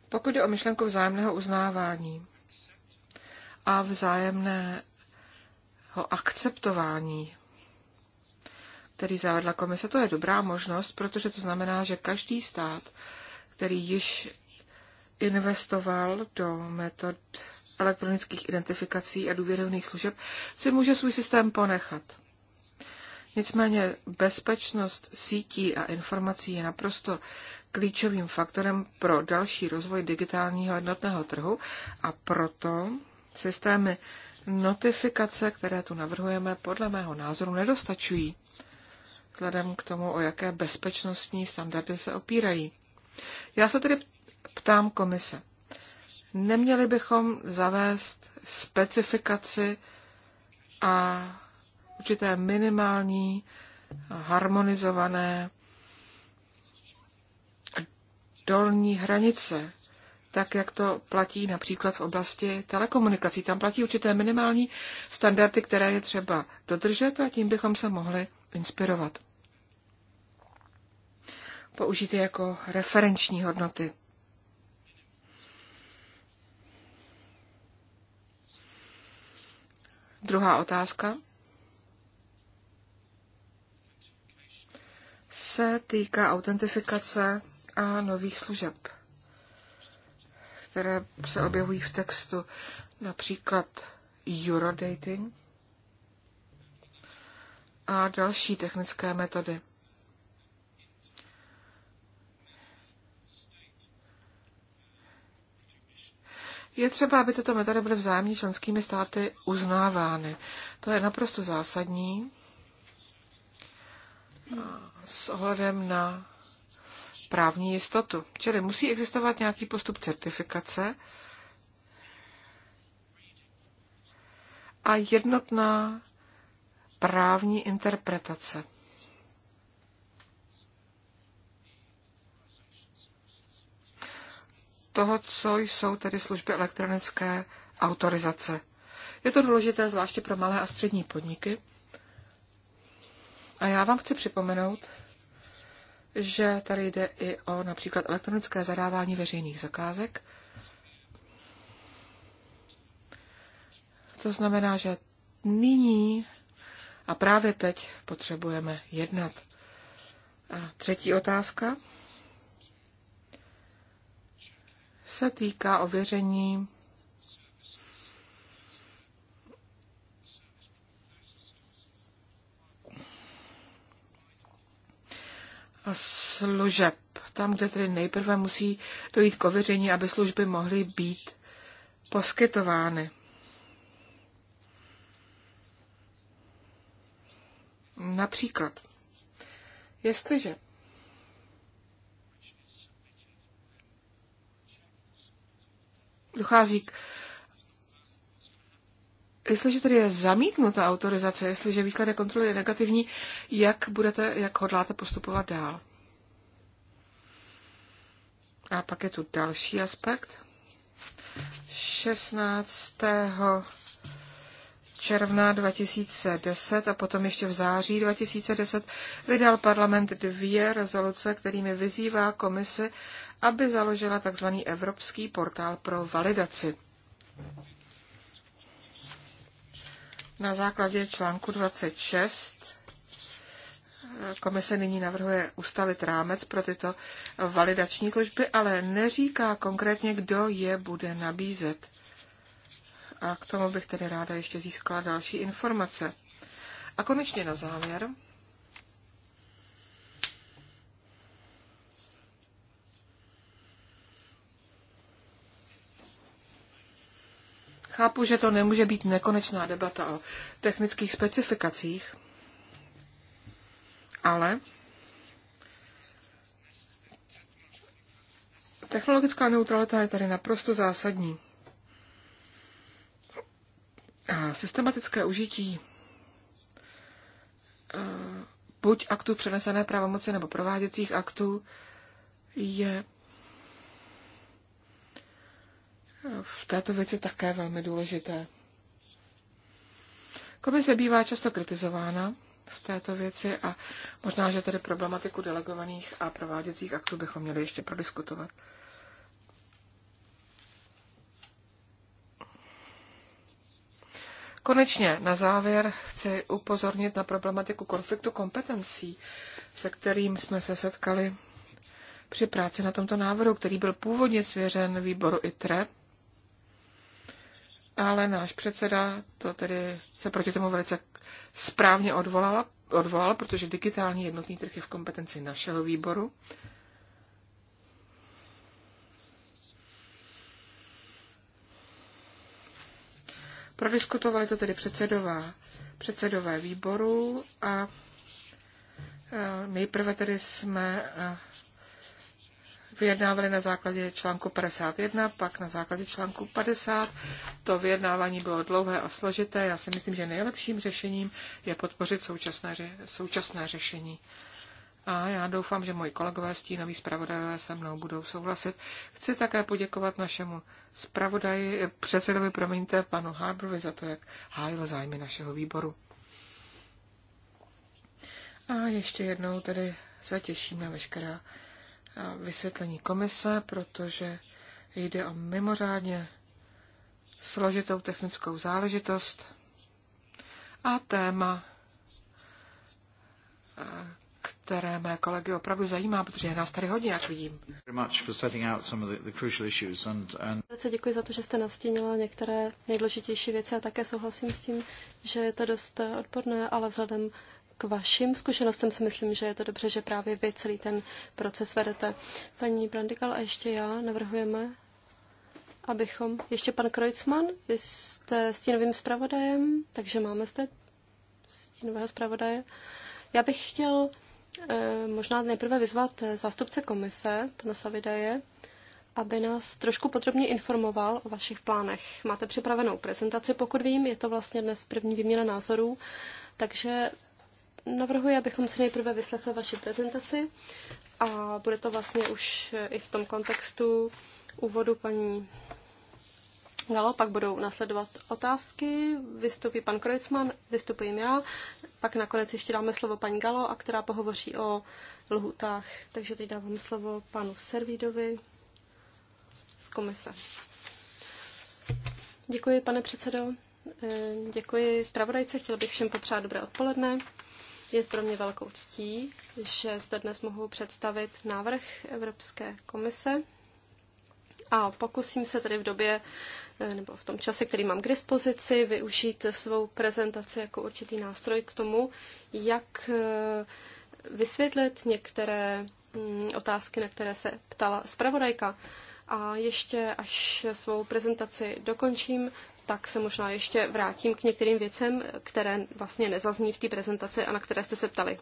C: pokud jde o myšlenku vzájemného uznávání a vzájemného akceptování který zavedla komise, to je dobrá možnost, protože to znamená, že každý stát, který již investoval do metod elektronických identifikací a důvěrovných služeb, si může svůj systém ponechat. Nicméně bezpečnost sítí a informací je naprosto klíčovým faktorem pro další rozvoj digitálního jednotného trhu a proto systémy notifikace, které tu navrhujeme, podle mého názoru nedostačují vzhledem k tomu, o jaké bezpečnostní standardy se opírají. Já se tedy ptám komise. Neměli bychom zavést specifikaci a určité minimální harmonizované dolní hranice, tak jak to platí například v oblasti telekomunikací. Tam platí určité minimální standardy, které je třeba dodržet a tím bychom se mohli inspirovat. Použít je jako referenční hodnoty. Druhá otázka se týká autentifikace a nových služeb, které se objevují v textu, například Eurodating a další technické metody. Je třeba, aby tyto metody byly vzájemně členskými státy uznávány. To je naprosto zásadní s ohledem na právní jistotu. Čili musí existovat nějaký postup certifikace a jednotná právní interpretace. toho, co jsou tedy služby elektronické autorizace. Je to důležité zvláště pro malé a střední podniky. A já vám chci připomenout, že tady jde i o například elektronické zadávání veřejných zakázek. To znamená, že nyní a právě teď potřebujeme jednat. A třetí otázka se týká ověření služeb. Tam, kde tedy nejprve musí dojít k ověření, aby služby mohly být poskytovány. Například, jestliže dochází k Jestliže tedy je zamítnuta autorizace, jestliže výsledek kontroly je negativní, jak budete, jak hodláte postupovat dál? A pak je tu další aspekt. 16 června 2010 a potom ještě v září 2010 vydal parlament dvě rezoluce, kterými vyzývá komisi, aby založila tzv. Evropský portál pro validaci. Na základě článku 26 Komise nyní navrhuje ustavit rámec pro tyto validační služby, ale neříká konkrétně, kdo je bude nabízet a k tomu bych tedy ráda ještě získala další informace. A konečně na závěr. Chápu, že to nemůže být nekonečná debata o technických specifikacích, ale technologická neutralita je tady naprosto zásadní. A systematické užití e, buď aktů přenesené pravomoci nebo prováděcích aktů je e, v této věci také velmi důležité. Komise bývá často kritizována v této věci a možná, že tedy problematiku delegovaných a prováděcích aktů bychom měli ještě prodiskutovat. Konečně na závěr chci upozornit na problematiku konfliktu kompetencí, se kterým jsme se setkali při práci na tomto návrhu, který byl původně svěřen výboru ITRE, ale náš předseda to tedy se proti tomu velice správně odvolal, odvolal, protože digitální jednotný trh je v kompetenci našeho výboru. Prodiskutovali to tedy předsedová, předsedové výboru a e, nejprve tedy jsme e, vyjednávali na základě článku 51, pak na základě článku 50. To vyjednávání bylo dlouhé a složité. Já si myslím, že nejlepším řešením je podpořit současné, současné řešení a já doufám, že moji kolegové stínoví zpravodajové se mnou budou souhlasit. Chci také poděkovat našemu zpravodaji, předsedovi, promiňte, panu Harbrovi za to, jak hájil zájmy našeho výboru. A ještě jednou tedy se na veškerá vysvětlení komise, protože jde o mimořádně složitou technickou záležitost a téma, které mé kolegy opravdu zajímá, protože je nás tady hodně, jak vidím. Velice děkuji za
A: to, že jste nastínila některé nejdůležitější věci a také souhlasím s tím, že je to dost odporné. ale vzhledem k vašim zkušenostem si myslím, že je to dobře, že právě vy celý ten proces vedete. Paní Brandikal a ještě já navrhujeme, abychom... Ještě pan Kreutzmann, vy jste stínovým zpravodajem, takže máme zde stínového zpravodaje. Já bych chtěl Eh, možná nejprve vyzvat eh, zástupce komise, pana Savidaje, aby nás trošku podrobně informoval o vašich plánech. Máte připravenou prezentaci, pokud vím, je to vlastně dnes první výměna názorů, takže navrhuji, abychom si nejprve vyslechli vaši prezentaci a bude to vlastně už eh, i v tom kontextu úvodu paní Dalo, pak budou následovat otázky, vystoupí pan Krojcman, vystupujím já, pak nakonec ještě dáme slovo paní Galo, a která pohovoří o lhutách. Takže teď dávám slovo panu Servídovi z komise. Děkuji, pane předsedo. E, děkuji zpravodajce, chtěla bych všem popřát dobré odpoledne. Je pro mě velkou ctí, že zde dnes mohu představit návrh Evropské komise a pokusím se tedy v době Eh, nebo v tom čase, který mám k dispozici, využít svou prezentaci jako určitý nástroj k tomu, jak eh, vysvětlit některé mm, otázky, na které se ptala zpravodajka. A ještě, až svou prezentaci dokončím, tak se možná ještě vrátím k některým věcem, které vlastně nezazní v té prezentaci a na které jste se ptali.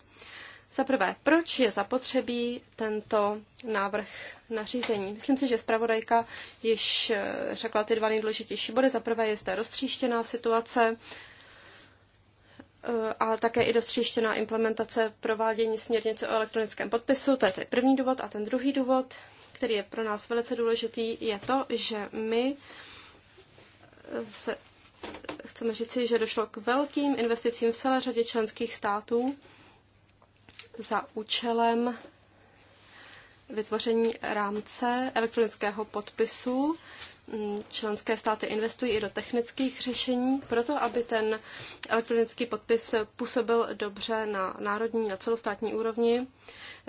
A: Za prvé, proč je zapotřebí tento návrh nařízení? Myslím si, že zpravodajka již eh, řekla ty dva nejdůležitější body. Za prvé je zde roztříštěná situace eh, a také i dostříštěná implementace provádění směrnice o elektronickém podpisu. To je tedy první důvod. A ten druhý důvod, který je pro nás velice důležitý, je to, že my eh, se chceme říci, že došlo k velkým investicím v celé řadě členských států za účelem vytvoření rámce elektronického podpisu. Mm, Členské státy investují i do technických řešení, proto aby ten elektronický podpis působil dobře na národní, na celostátní úrovni.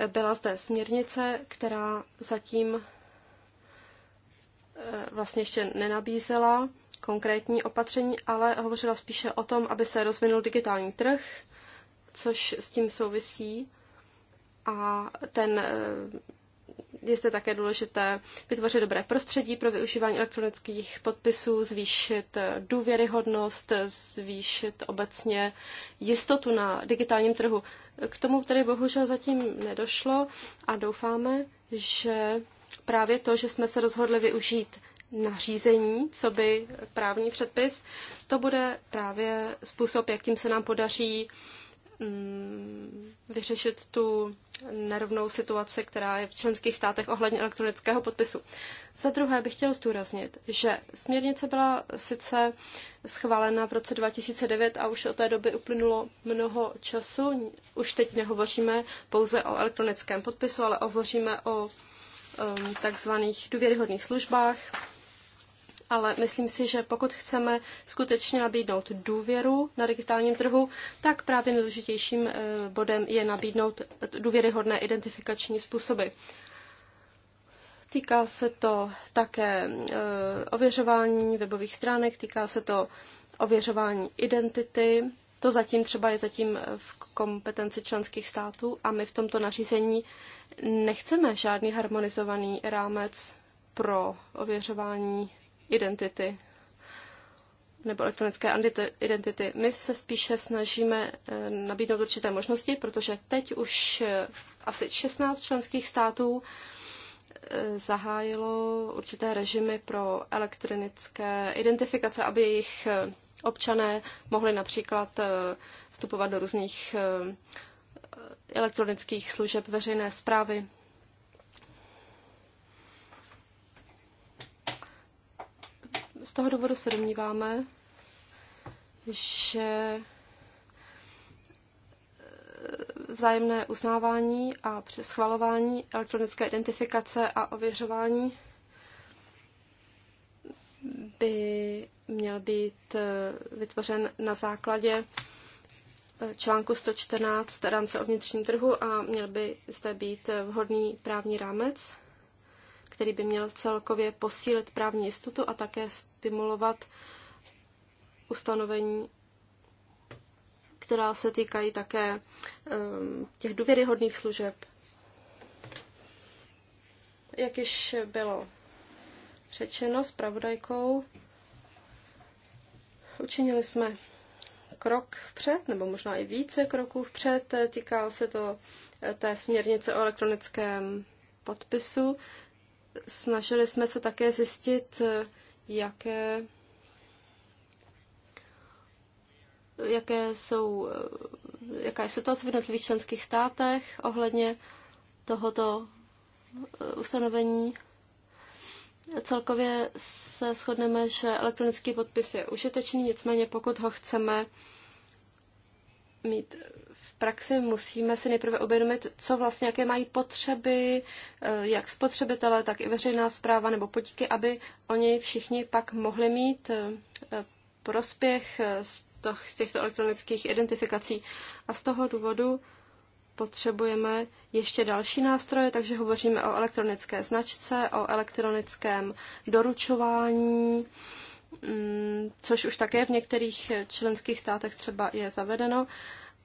A: Byla zde směrnice, která zatím e, vlastně ještě nenabízela konkrétní opatření, ale hovořila spíše o tom, aby se rozvinul digitální trh, což s tím souvisí. A ten eh, je zde také důležité vytvořit dobré prostředí pro využívání elektronických podpisů, zvýšit eh, důvěryhodnost, zvýšit obecně jistotu na digitálním trhu. K tomu tedy bohužel zatím nedošlo a doufáme, že právě to, že jsme se rozhodli využít nařízení, co by právní předpis, to bude právě způsob, jakým se nám podaří Mm, vyřešit tu nerovnou situaci, která je v členských státech ohledně elektronického podpisu. Za druhé bych chtěl zdůraznit, že směrnice byla sice schválena v roce 2009 a už od té doby uplynulo mnoho času. Už teď nehovoříme pouze o elektronickém podpisu, ale hovoříme o um, takzvaných důvěryhodných službách ale myslím si, že pokud chceme skutečně nabídnout důvěru na digitálním trhu, tak právě nejdůležitějším eh, bodem je nabídnout důvěryhodné identifikační způsoby. Týká se to také eh, ověřování webových stránek, týká se to ověřování identity. To zatím třeba je zatím eh, v kompetenci členských států a my v tomto nařízení nechceme žádný harmonizovaný rámec pro ověřování identity nebo elektronické identity. My se spíše snažíme eh, nabídnout určité možnosti, protože teď už eh, asi 16 členských států eh, zahájilo určité režimy pro elektronické identifikace, aby jejich občané mohli například vstupovat do různých elektronických služeb veřejné zprávy. z toho důvodu se domníváme, že eh, vzájemné uznávání a přeschvalování elektronické identifikace a ověřování by měl být eh, vytvořen na základě eh, článku 114 rámce o vnitřním trhu a měl by zde být vhodný právní rámec který by měl celkově posílit právní jistotu a také stimulovat ustanovení, která se týkají také ehm, těch důvěryhodných služeb. Jak již bylo řečeno s pravodajkou, učinili jsme krok vpřed, nebo možná i více kroků vpřed. Týkalo se to té směrnice o elektronickém podpisu snažili jsme se také zjistit, jaké, jaké jsou, jaká je situace v jednotlivých členských státech ohledně tohoto eh, ustanovení. Celkově se shodneme, že elektronický podpis je užitečný, nicméně pokud ho chceme mít v praxi, musíme si nejprve uvědomit, co vlastně, jaké mají potřeby, eh, jak spotřebitelé, tak i veřejná zpráva nebo potíky, aby oni všichni pak mohli mít eh, prospěch eh, z, toh, z těchto elektronických identifikací. A z toho důvodu potřebujeme ještě další nástroje, takže hovoříme o elektronické značce, o elektronickém doručování, Mm, což už také v některých členských státech třeba je zavedeno.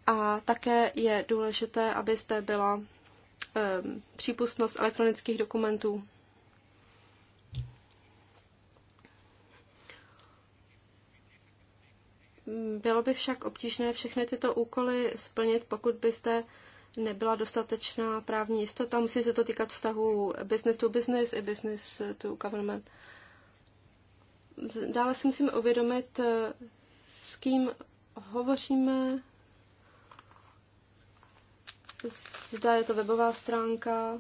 A: A také je důležité, abyste byla přípustnost elektronických dokumentů. Bylo by však obtížné všechny tyto úkoly splnit, pokud byste nebyla dostatečná právní jistota. Musí se to týkat vztahu business to business i business to government. Dále si musíme uvědomit, eh, s kým hovoříme, zda je to webová stránka,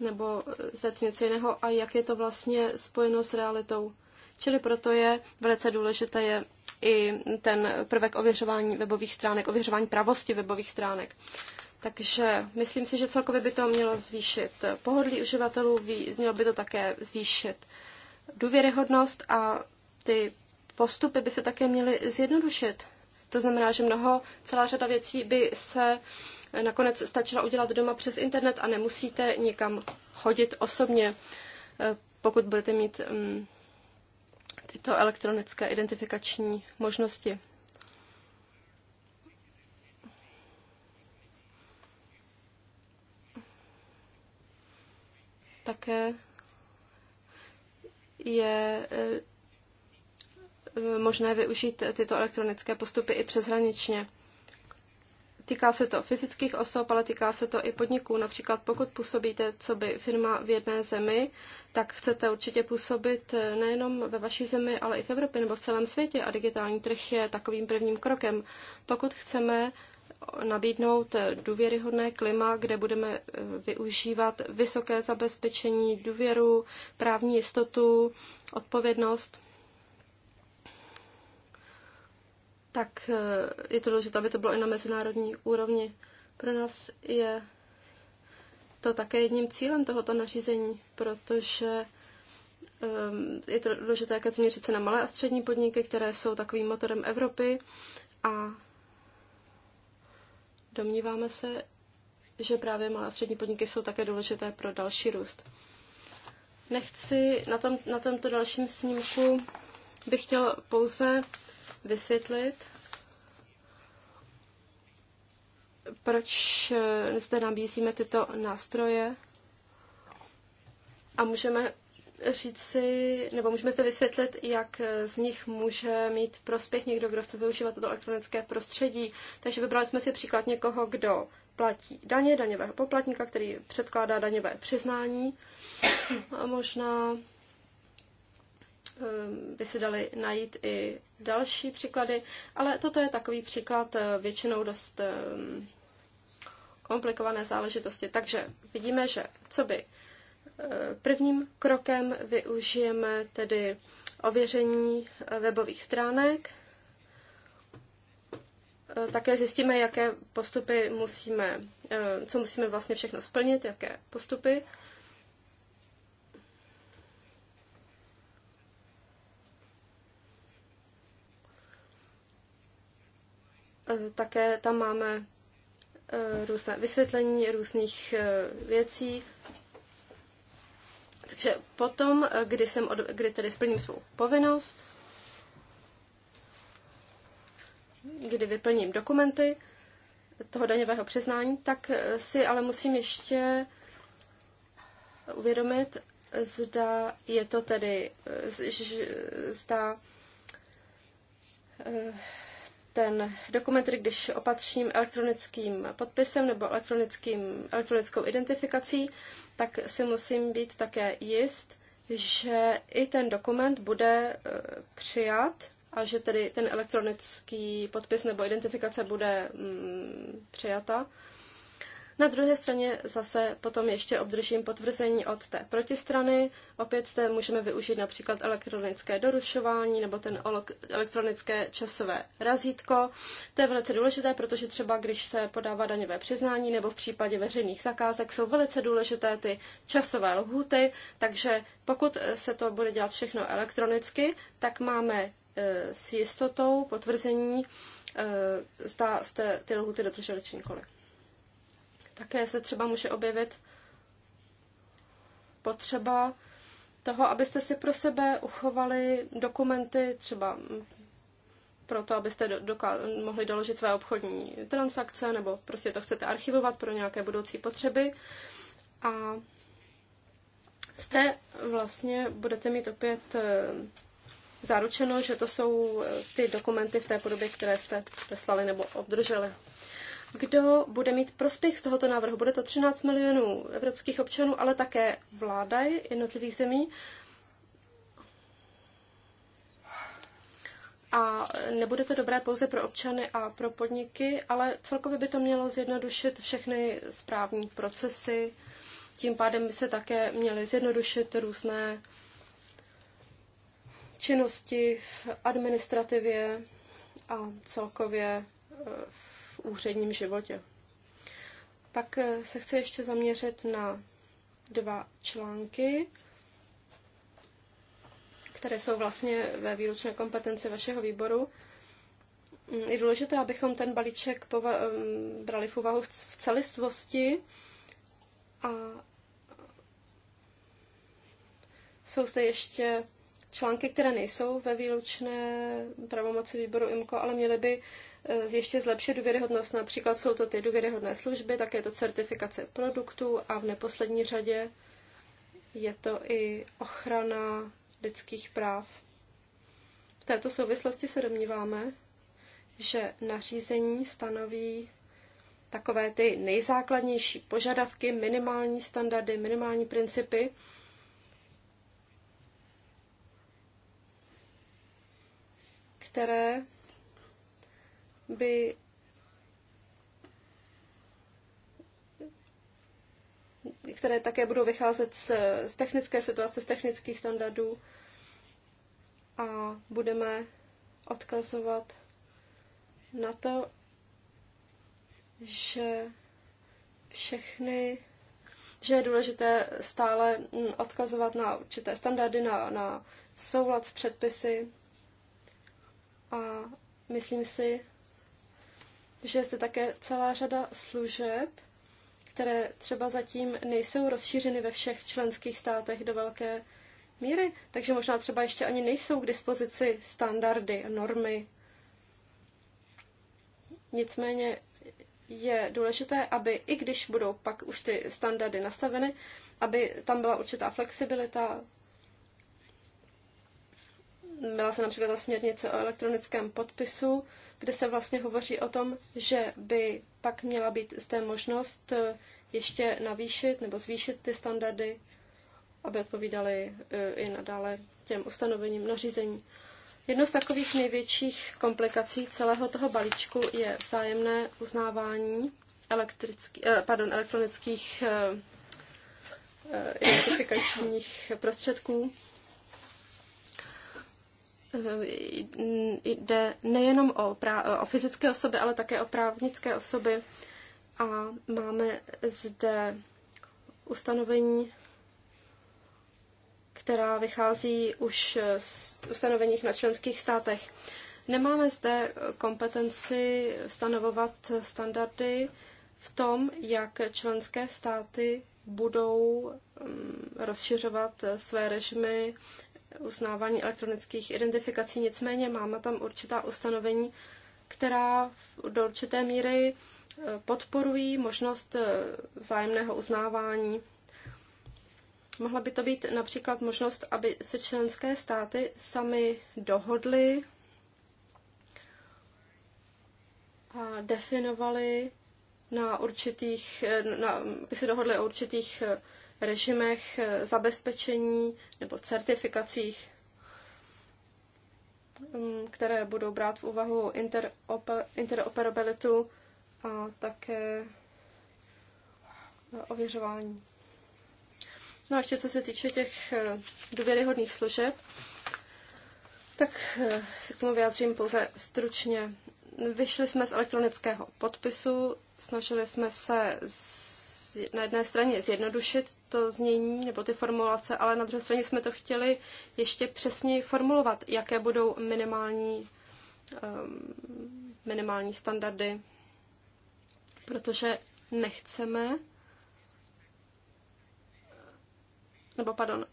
A: nebo zda je to něco jiného a jak je to vlastně spojeno s realitou. Čili proto je velice důležité je i ten prvek ověřování webových stránek, ověřování pravosti webových stránek. Takže myslím si, že celkově by to mělo zvýšit pohodlí uživatelů, mělo by to také zvýšit důvěryhodnost a ty postupy by se také měly zjednodušit. To znamená, že mnoho, celá řada věcí by se nakonec stačila udělat doma přes internet a nemusíte nikam chodit osobně, eh, pokud budete mít mm, tyto elektronické identifikační možnosti. Také je eh, možné využít tyto elektronické postupy i přeshraničně. Týká se to fyzických osob, ale týká se to i podniků. Například pokud působíte co by firma v jedné zemi, tak chcete určitě působit eh, nejenom ve vaší zemi, ale i v Evropě nebo v celém světě a digitální trh je takovým prvním krokem. Pokud chceme nabídnout důvěryhodné klima, kde budeme eh, využívat vysoké zabezpečení, důvěru, právní jistotu, odpovědnost. Tak eh, je to důležité, aby to bylo i na mezinárodní úrovni. Pro nás je to také jedním cílem tohoto nařízení, protože ehm, je to důležité také změřit se na malé a střední podniky, které jsou takovým motorem Evropy a Domníváme se, že právě malé a střední podniky jsou také důležité pro další růst. Nechci na, tom, na tomto dalším snímku bych chtěl pouze vysvětlit, proč eh, zde nabízíme tyto nástroje a můžeme říct si, nebo můžeme to vysvětlit, jak z nich může mít prospěch někdo, kdo chce využívat toto elektronické prostředí. Takže vybrali jsme si příklad někoho, kdo platí daně, daňového poplatníka, který předkládá daňové přiznání. A možná ehm, by si dali najít i další příklady, ale toto je takový příklad eh, většinou dost ehm, komplikované záležitosti. Takže vidíme, že co by Prvním krokem využijeme tedy ověření webových stránek. Také zjistíme, jaké postupy musíme, co musíme vlastně všechno splnit, jaké postupy. Také tam máme různé vysvětlení různých věcí, takže potom, eh, kdy, jsem od, kdy tedy splním svou povinnost, kdy vyplním dokumenty toho daňového přiznání, tak eh, si ale musím ještě uvědomit, zda je to tedy, eh, zda ten dokument, když opatřím elektronickým podpisem nebo elektronickým, elektronickou identifikací, tak si musím být také jist, že i ten dokument bude e, přijat a že tedy ten elektronický podpis nebo identifikace bude mm, přijata. Na druhé straně zase potom ještě obdržím potvrzení od té protistrany. Opět zde můžeme využít například elektronické doručování nebo ten elektronické časové razítko. To je velice důležité, protože třeba když se podává daňové přiznání nebo v případě veřejných zakázek jsou velice důležité ty časové lhůty, takže pokud se to bude dělat všechno elektronicky, tak máme e, s jistotou potvrzení, e, zda jste ty lhuty dodrželi či nikoli. Také se třeba může objevit potřeba toho, abyste si pro sebe uchovali dokumenty, třeba pro to, abyste doká- mohli doložit své obchodní transakce, nebo prostě to chcete archivovat pro nějaké budoucí potřeby. A jste vlastně, budete mít opět eh, zaručeno, že to jsou eh, ty dokumenty v té podobě, které jste poslali nebo obdrželi kdo bude mít prospěch z tohoto návrhu. Bude to 13 milionů evropských občanů, ale také vláda jednotlivých zemí. A nebude to dobré pouze pro občany a pro podniky, ale celkově by to mělo zjednodušit všechny správní procesy. Tím pádem by se také měly zjednodušit různé činnosti v administrativě a celkově v eh, úředním životě. Pak eh, se chci ještě zaměřit na dva články, které jsou vlastně ve výlučné kompetenci vašeho výboru. Mm, je důležité, abychom ten balíček mm, brali v úvahu v celistvosti a jsou zde ještě články, které nejsou ve výlučné pravomoci výboru IMCO, ale měly by Eh, ještě zlepšit důvěryhodnost. Například jsou to ty důvěryhodné služby, také to certifikace produktů a v neposlední řadě je to i ochrana lidských práv. V této souvislosti se domníváme, že nařízení stanoví takové ty nejzákladnější požadavky, minimální standardy, minimální principy. které by které také budou vycházet z, z technické situace, z technických standardů a budeme odkazovat na to, že všechny, že je důležité stále mm, odkazovat na určité standardy, na, na soulad s předpisy a myslím si, že je zde také celá řada služeb, které třeba zatím nejsou rozšířeny ve všech členských státech do velké míry, takže možná třeba ještě ani nejsou k dispozici standardy, normy. Nicméně je důležité, aby i když budou pak už ty standardy nastaveny, aby tam byla určitá flexibilita, byla se například ta směrnice o elektronickém podpisu, kde se vlastně hovoří o tom, že by pak měla být zde možnost eh, ještě navýšit nebo zvýšit ty standardy, aby odpovídaly eh, i nadále těm ustanovením nařízení. Jednou z takových největších komplikací celého toho balíčku je vzájemné uznávání elektrický, eh, pardon, elektronických identifikačních prostředků. Eh, jde nejenom o, prá- o fyzické osoby, ale také o právnické osoby. A máme zde ustanovení, která vychází už z ustanoveních na členských státech. Nemáme zde kompetenci stanovovat standardy v tom, jak členské státy budou mm, rozšiřovat své režimy uznávání elektronických identifikací, nicméně máme tam určitá ustanovení, která do určité míry e, podporují možnost e, vzájemného uznávání. Mohla by to být například možnost, aby se členské státy sami dohodly a definovali na určitých, e, na, aby se dohodli o určitých režimech eh, zabezpečení nebo certifikacích, mm, které budou brát v úvahu interoperabilitu a také eh, ověřování. No a ještě co se týče těch eh, důvěryhodných služeb, tak se k tomu vyjádřím pouze stručně. Vyšli jsme z elektronického podpisu, snažili jsme se na jedné straně zjednodušit to znění nebo ty formulace, ale na druhé straně jsme to chtěli ještě přesněji formulovat, jaké budou minimální, um, minimální standardy, protože nechceme, nebo pardon,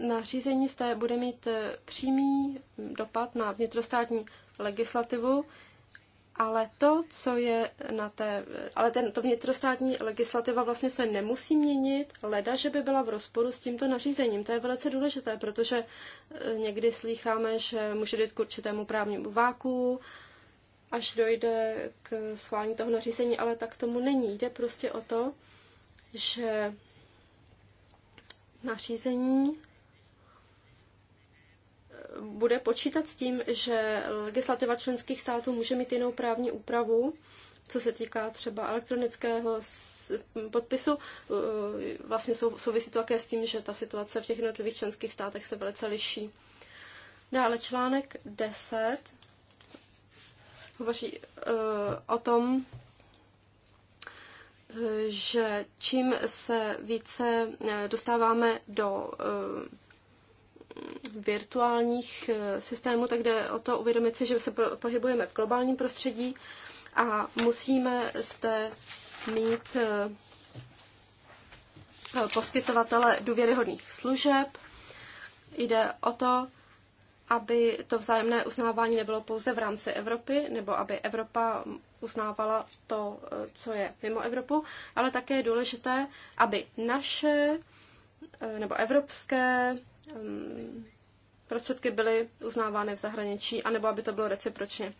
A: nařízení z té bude mít eh, přímý dopad na vnitrostátní legislativu, ale to, co je na té, ale ten, to vnitrostátní legislativa vlastně se nemusí měnit, leda, že by byla v rozporu s tímto nařízením. To je velice důležité, protože e, někdy slýcháme, že může dojít k určitému právnímu váku, až dojde k schválení toho nařízení, ale tak tomu není. Jde prostě o to, že nařízení bude počítat s tím, že legislativa členských států může mít jinou právní úpravu, co se týká třeba elektronického podpisu. E, vlastně souvisí to také s tím, že ta situace v těch jednotlivých členských státech se velice liší. Dále článek 10 hovoří e, o tom, e, že čím se více dostáváme do virtuálních eh, systémů, tak jde o to uvědomit si, že se pohybujeme v globálním prostředí a musíme zde mít eh, eh, poskytovatele důvěryhodných služeb. Jde o to, aby to vzájemné uznávání nebylo pouze v rámci Evropy, nebo aby Evropa uznávala to, co je mimo Evropu, ale také je důležité, aby naše nebo evropské Ehm, prostředky byly uznávány v zahraničí, anebo aby to bylo recipročně.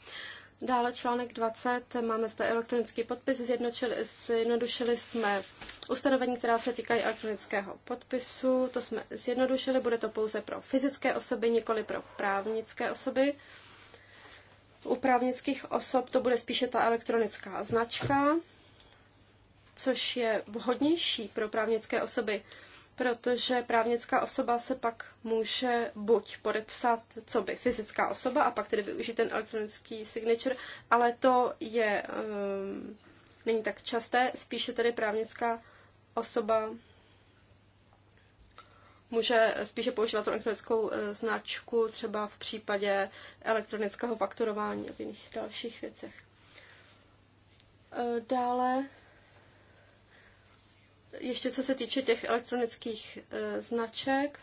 A: Dále článek 20, máme zde elektronický podpis, zjednodušili jsme ustanovení, která se týkají elektronického podpisu, to jsme zjednodušili, bude to pouze pro fyzické osoby, nikoli pro právnické osoby. U právnických osob to bude spíše ta elektronická značka, což je vhodnější pro právnické osoby, protože právnická osoba se pak může buď podepsat, co by fyzická osoba, a pak tedy využít ten elektronický signature, ale to je, um, není tak časté, spíše tedy právnická osoba může spíše používat elektronickou eh, značku, třeba v případě elektronického fakturování a v jiných dalších věcech. Eh, dále ještě co se týče těch elektronických eh, značek,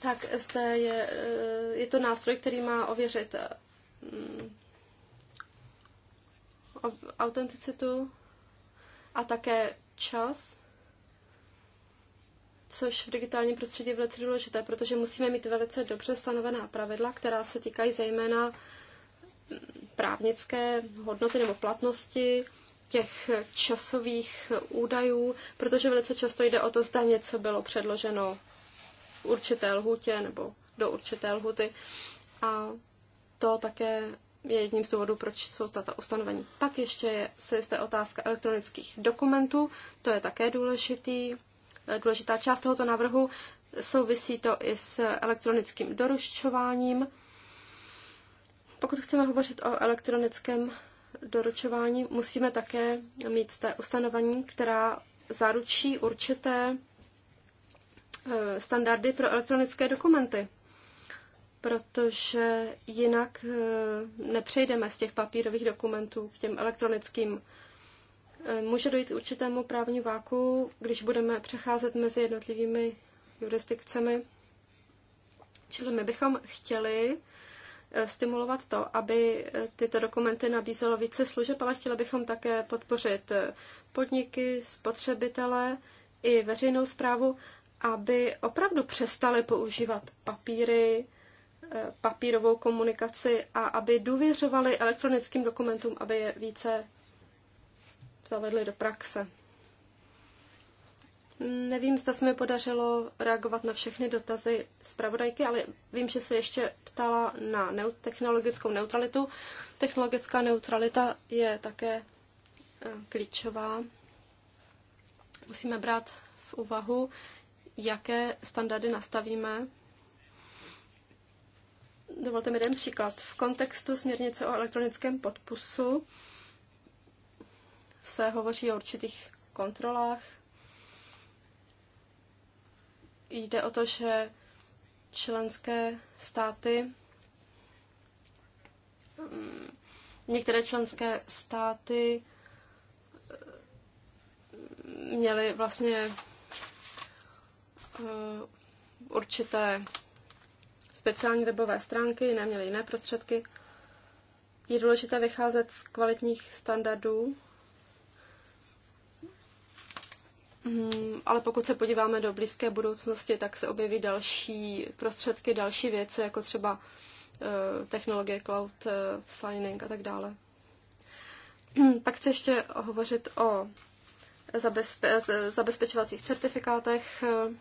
A: tak zde je, eh, je to nástroj, který má ověřit eh, mm, autenticitu a také čas, což v digitálním prostředí je velice důležité, protože musíme mít velice dobře stanovená pravidla, která se týkají zejména právnické hodnoty nebo platnosti těch časových údajů, protože velice často jde o to, zda něco bylo předloženo v určité lhutě nebo do určité lhuty. A to také je jedním z důvodů, proč jsou tato ustanovení. Pak ještě je, se zde otázka elektronických dokumentů, to je také důležitý, eh, důležitá část tohoto návrhu. Souvisí to i s elektronickým doručováním. Pokud chceme hovořit o elektronickém doručování, musíme také mít té ustanovení, která zaručí určité eh, standardy pro elektronické dokumenty, protože jinak eh, nepřejdeme z těch papírových dokumentů k těm elektronickým. Eh, může dojít k určitému právní váku, když budeme přecházet mezi jednotlivými jurisdikcemi. Čili my bychom chtěli Eh, stimulovat to, aby eh, tyto dokumenty nabízelo více služeb, ale chtěli bychom také podpořit eh, podniky, spotřebitele i veřejnou zprávu, aby opravdu přestali používat papíry, papírovou komunikaci a aby důvěřovali elektronickým dokumentům, aby je více zavedli do praxe. Nevím, zda se mi podařilo reagovat na všechny dotazy zpravodajky, ale vím, že se ještě ptala na technologickou neutralitu. Technologická neutralita je také eh, klíčová. Musíme brát v úvahu, jaké standardy nastavíme. Dovolte mi jeden příklad. V kontextu směrnice o elektronickém podpisu se hovoří o určitých kontrolách jde o to, že členské státy, mm, některé členské státy mm, měly vlastně eh, určité speciální webové stránky, jiné měly jiné prostředky. Je důležité vycházet z kvalitních standardů Mm, ale pokud se podíváme do blízké budoucnosti, tak se objeví další prostředky, další věci, jako třeba eh, technologie cloud eh, signing a tak dále. [clears throat] Pak chci ještě hovořit o zabezpe- zabezpečovacích certifikátech. Eh,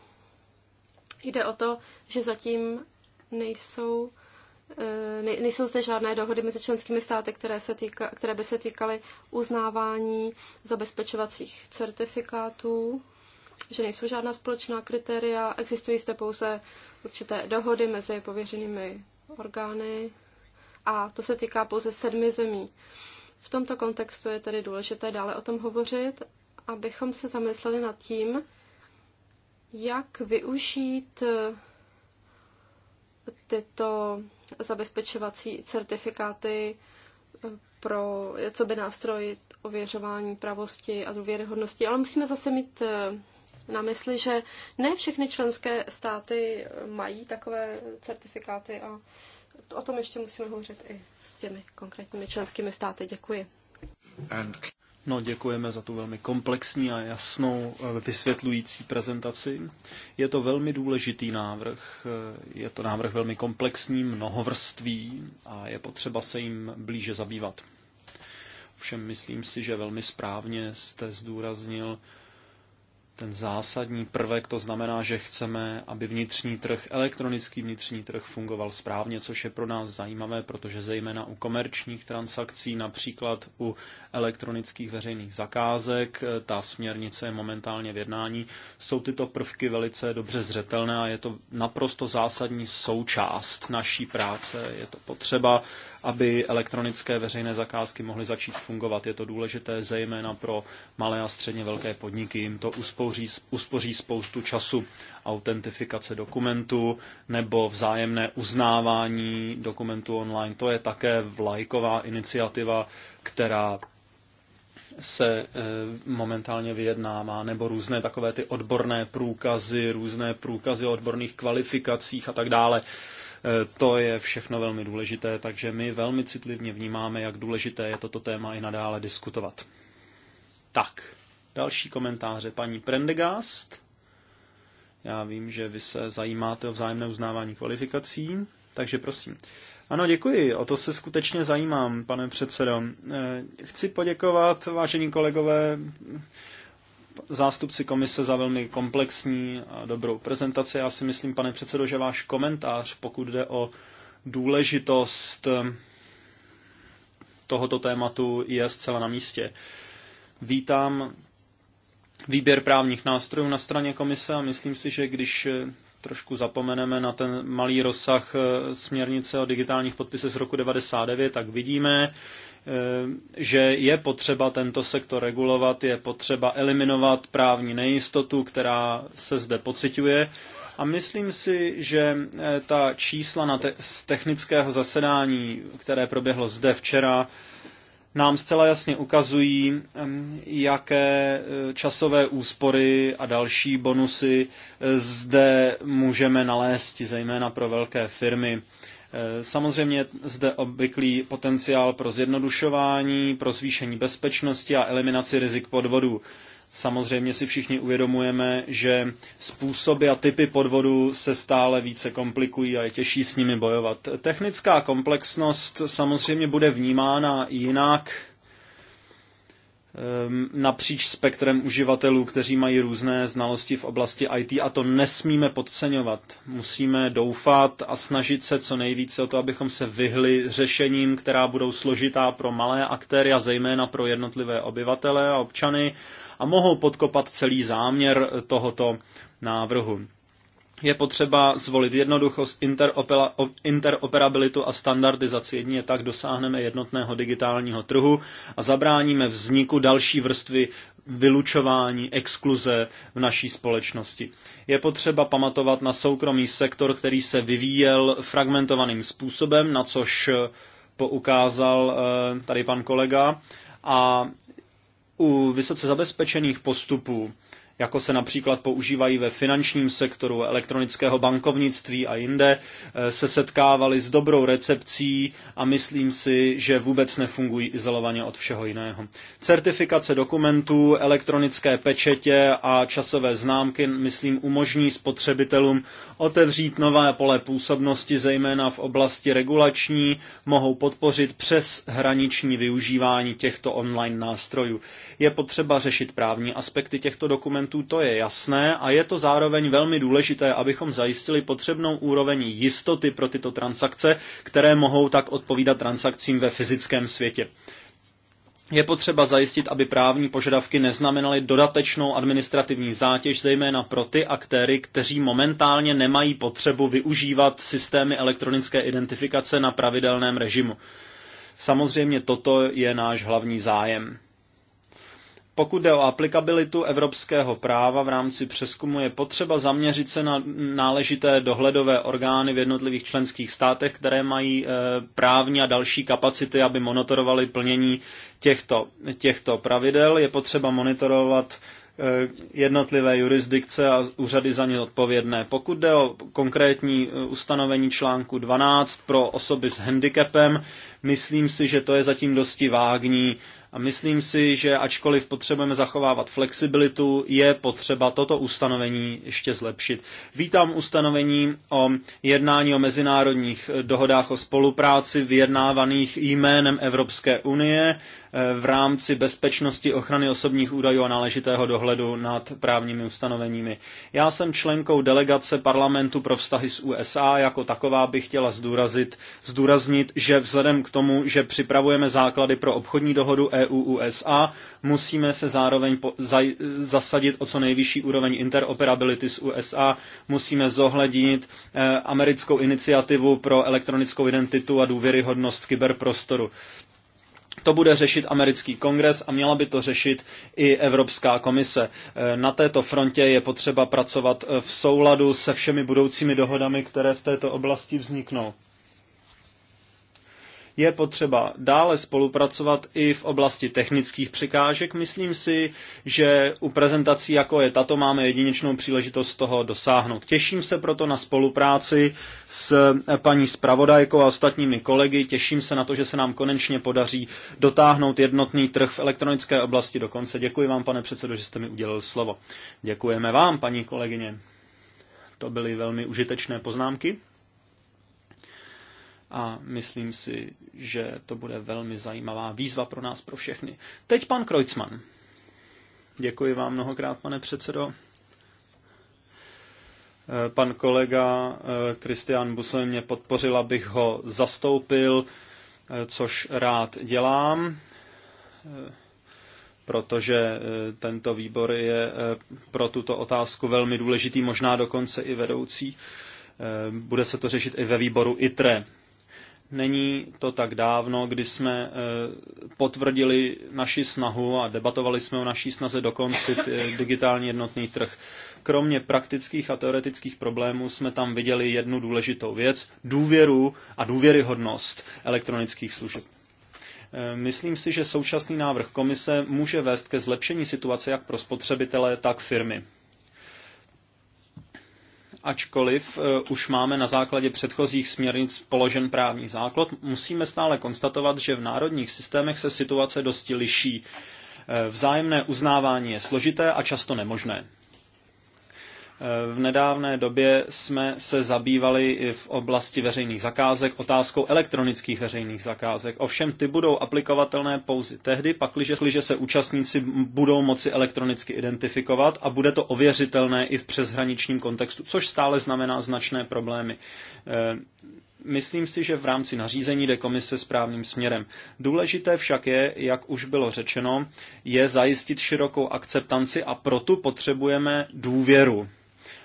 A: jde o to, že zatím nejsou Eh, ne, nejsou zde žádné dohody mezi členskými státy, které, se týka, které by se týkaly uznávání zabezpečovacích certifikátů, že nejsou žádná společná kritéria, existují zde pouze určité dohody mezi pověřenými orgány a to se týká pouze sedmi zemí. V tomto kontextu je tedy důležité dále o tom hovořit, abychom se zamysleli nad tím, jak využít tyto zabezpečovací certifikáty eh, pro co by nástroj ověřování pravosti a důvěryhodnosti, ale musíme zase mít eh, na mysli, že ne všechny členské státy eh, mají takové certifikáty a o tom ještě musíme hovořit i s těmi konkrétními členskými státy. Děkuji.
B: And... No, děkujeme za tu velmi komplexní a jasnou eh, vysvětlující prezentaci. Je to velmi důležitý návrh. Eh, je to návrh velmi komplexní, mnohovrství a je potřeba se jim blíže zabývat. Všem myslím si, že velmi správně jste zdůraznil ten zásadní prvek, to znamená, že chceme, aby vnitřní trh, elektronický vnitřní trh fungoval správně, což je pro nás zajímavé, protože zejména u komerčních transakcí, například u elektronických veřejných zakázek, eh, ta směrnice je momentálně v jednání, jsou tyto prvky velice dobře zřetelné a je to naprosto zásadní součást naší práce. Je to potřeba, aby elektronické veřejné zakázky mohly začít fungovat. Je to důležité zejména pro malé a středně velké podniky, jim to uspou- uspoří, uspoří spoustu času autentifikace dokumentu nebo vzájemné uznávání dokumentu online. To je také vlajková iniciativa, která se eh, momentálně vyjednává, nebo různé takové ty odborné průkazy, různé průkazy o odborných kvalifikacích a tak dále. Eh, to je všechno velmi důležité, takže my velmi citlivně vnímáme, jak důležité je toto téma i nadále diskutovat. Tak. Další komentáře paní Prendegast. Já vím, že vy se zajímáte o vzájemné uznávání kvalifikací, takže prosím. Ano, děkuji, o to se skutečně zajímám, pane předsedo. Eh, chci poděkovat, vážení kolegové, zástupci komise za velmi komplexní a dobrou prezentaci. Já si myslím, pane předsedo, že váš komentář, pokud jde o důležitost eh, tohoto tématu, je zcela na místě. Vítám výběr právních nástrojů na straně komise a myslím si, že když eh, trošku zapomeneme na ten malý rozsah eh, směrnice o digitálních podpisech z roku 99, tak vidíme, eh, že je potřeba tento sektor regulovat, je potřeba eliminovat právní nejistotu, která se zde pociťuje. A myslím si, že ta čísla na te- z technického zasedání, které proběhlo zde včera, nám zcela jasně ukazují, jaké e, časové úspory a další bonusy e, zde můžeme nalézt, zejména pro velké firmy. E, samozřejmě zde obvyklý potenciál pro zjednodušování, pro zvýšení bezpečnosti a eliminaci rizik podvodů. Samozřejmě si všichni uvědomujeme, že způsoby a typy podvodu se stále více komplikují a je těžší s nimi bojovat. Technická komplexnost samozřejmě bude vnímána jinak ehm, napříč spektrem uživatelů, kteří mají různé znalosti v oblasti IT a to nesmíme podceňovat. Musíme doufat a snažit se co nejvíce o to, abychom se vyhli řešením, která budou složitá pro malé aktéry a zejména pro jednotlivé obyvatele a občany a mohou podkopat celý záměr tohoto návrhu. Je potřeba zvolit jednoduchost, interoperabilitu a standardizaci. Jedině tak dosáhneme jednotného digitálního trhu a zabráníme vzniku další vrstvy vylučování, exkluze v naší společnosti. Je potřeba pamatovat na soukromý sektor, který se vyvíjel fragmentovaným způsobem, na což poukázal eh, tady pan kolega, a u vysoce zabezpečených postupů jako se například používají ve finančním sektoru elektronického bankovnictví a jinde, eh, se setkávaly s dobrou recepcí a myslím si, že vůbec nefungují izolovaně od všeho jiného. Certifikace dokumentů, elektronické pečetě a časové známky, myslím, umožní spotřebitelům otevřít nové pole působnosti, zejména v oblasti regulační, mohou podpořit přes hraniční využívání těchto online nástrojů. Je potřeba řešit právní aspekty těchto dokumentů, migrantů, to je jasné a je to zároveň velmi důležité, abychom zajistili potřebnou úroveň jistoty pro tyto transakce, které mohou tak odpovídat transakcím ve fyzickém světě. Je potřeba zajistit, aby právní požadavky neznamenaly dodatečnou administrativní zátěž, zejména pro ty aktéry, kteří momentálně nemají potřebu využívat systémy elektronické identifikace na pravidelném režimu. Samozřejmě toto je náš hlavní zájem. Pokud jde o aplikabilitu evropského práva v rámci přeskumu, je potřeba zaměřit se na náležité dohledové orgány v jednotlivých členských státech, které mají eh, právní a další kapacity, aby monitorovaly plnění těchto, těchto pravidel. Je potřeba monitorovat eh, jednotlivé jurisdikce a úřady za ně odpovědné. Pokud jde o konkrétní eh, ustanovení článku 12 pro osoby s handicapem, myslím si, že to je zatím dosti vágní a myslím si, že ačkoliv potřebujeme zachovávat flexibilitu, je potřeba toto ustanovení ještě zlepšit. Vítám ustanovení o jednání o mezinárodních dohodách o spolupráci vyjednávaných jménem Evropské unie v rámci bezpečnosti ochrany osobních údajů a náležitého dohledu nad právními ustanoveními. Já jsem členkou delegace parlamentu pro vztahy s USA, jako taková bych chtěla zdůrazit, zdůraznit, že vzhledem k tomu, že připravujeme základy pro obchodní dohodu EU-USA, musíme se zároveň po, zaj, zasadit o co nejvyšší úroveň interoperability s USA, musíme zohlednit eh, americkou iniciativu pro elektronickou identitu a důvěryhodnost kyberprostoru. To bude řešit americký kongres a měla by to řešit i Evropská komise. E, na této frontě je potřeba pracovat e, v souladu se všemi budoucími dohodami, které v této oblasti vzniknou. Je potřeba dále spolupracovat i v oblasti technických překážek. Myslím si, že u prezentací jako je tato máme jedinečnou příležitost toho dosáhnout. Těším se proto na spolupráci s paní zpravodajkou a ostatními kolegy. Těším se na to, že se nám konečně podaří dotáhnout jednotný trh v elektronické oblasti do konce. Děkuji vám, pane předsedo, že jste mi udělal slovo. Děkujeme vám, paní kolegyně. To byly velmi užitečné poznámky a myslím si, že to bude velmi zajímavá výzva pro nás, pro všechny. Teď pan Kreutzmann. Děkuji vám mnohokrát, pane předsedo. Eh, pan kolega Kristian eh, Busel mě podpořil, abych ho zastoupil, eh, což rád dělám protože tento výbor je pro tuto otázku velmi důležitý, možná dokonce i vedoucí. Bude se to řešit i ve výboru ITRE. Není to tak dávno, kdy jsme eh, potvrdili naši snahu a debatovali jsme o naší snaze dokončit eh, digitální jednotný trh. Kromě praktických a teoretických problémů jsme tam viděli jednu důležitou věc, důvěru a důvěryhodnost elektronických služeb. Eh, myslím si, že současný návrh komise může vést ke zlepšení situace jak pro spotřebitele, tak firmy ačkoliv eh, už máme na základě předchozích směrnic položen právní základ, musíme stále konstatovat, že v národních systémech se situace dosti liší. Eh, vzájemné uznávání je složité a často nemožné. V nedávné době jsme se zabývali i v oblasti veřejných zakázek otázkou elektronických veřejných zakázek. Ovšem ty budou aplikovatelné pouze tehdy, pakliže se účastníci budou moci elektronicky identifikovat a bude to ověřitelné i v přeshraničním kontextu, což stále znamená značné problémy. E, myslím si, že v rámci nařízení jde komise správným směrem. Důležité však je, jak už bylo řečeno, je zajistit širokou akceptanci a proto potřebujeme důvěru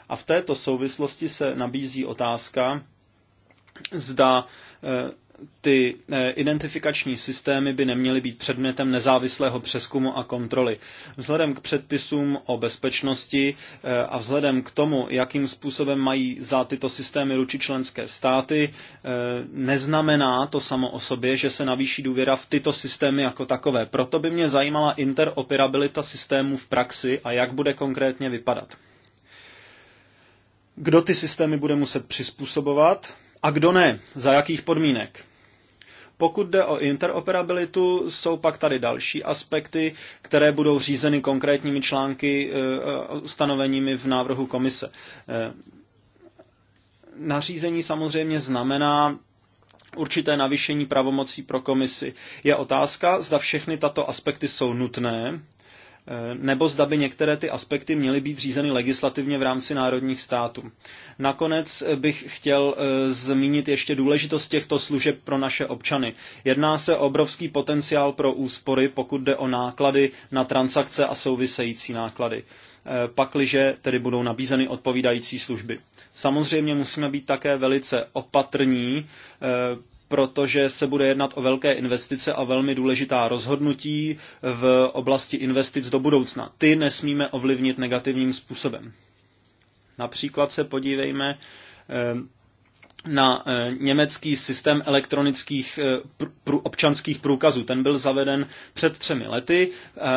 B: a v této souvislosti se nabízí otázka, zda eh, ty eh, identifikační systémy by neměly být předmětem nezávislého přeskumu a kontroly. Vzhledem k předpisům o bezpečnosti eh, a vzhledem k tomu, jakým způsobem mají za tyto systémy ruči členské státy, neznamená to samo o sobě, že se navýší důvěra v tyto systémy jako takové. Proto by mě zajímala interoperabilita systémů v praxi a jak bude konkrétně vypadat kdo ty systémy bude muset přizpůsobovat a kdo ne, za jakých podmínek. Pokud jde o interoperabilitu, jsou pak tady další aspekty, které budou řízeny konkrétními články eh, eh, ustanoveními v návrhu komise. Eh, nařízení samozřejmě znamená určité navýšení pravomocí pro komisi. Je otázka, zda všechny tato aspekty jsou nutné Eh, nebo zda by některé ty aspekty měly být řízeny legislativně v rámci národních států. Nakonec bych chtěl eh, zmínit ještě důležitost těchto služeb pro naše občany. Jedná se o obrovský potenciál pro úspory, pokud jde o náklady na transakce a související náklady eh, pakliže tedy budou nabízeny odpovídající služby. Samozřejmě musíme být také velice opatrní protože se bude jednat o velké investice a velmi důležitá rozhodnutí v oblasti investic do budoucna. Ty nesmíme ovlivnit negativním způsobem. Například se podívejme eh, na eh, německý systém elektronických eh, občanských průkazů. Ten byl zaveden před třemi lety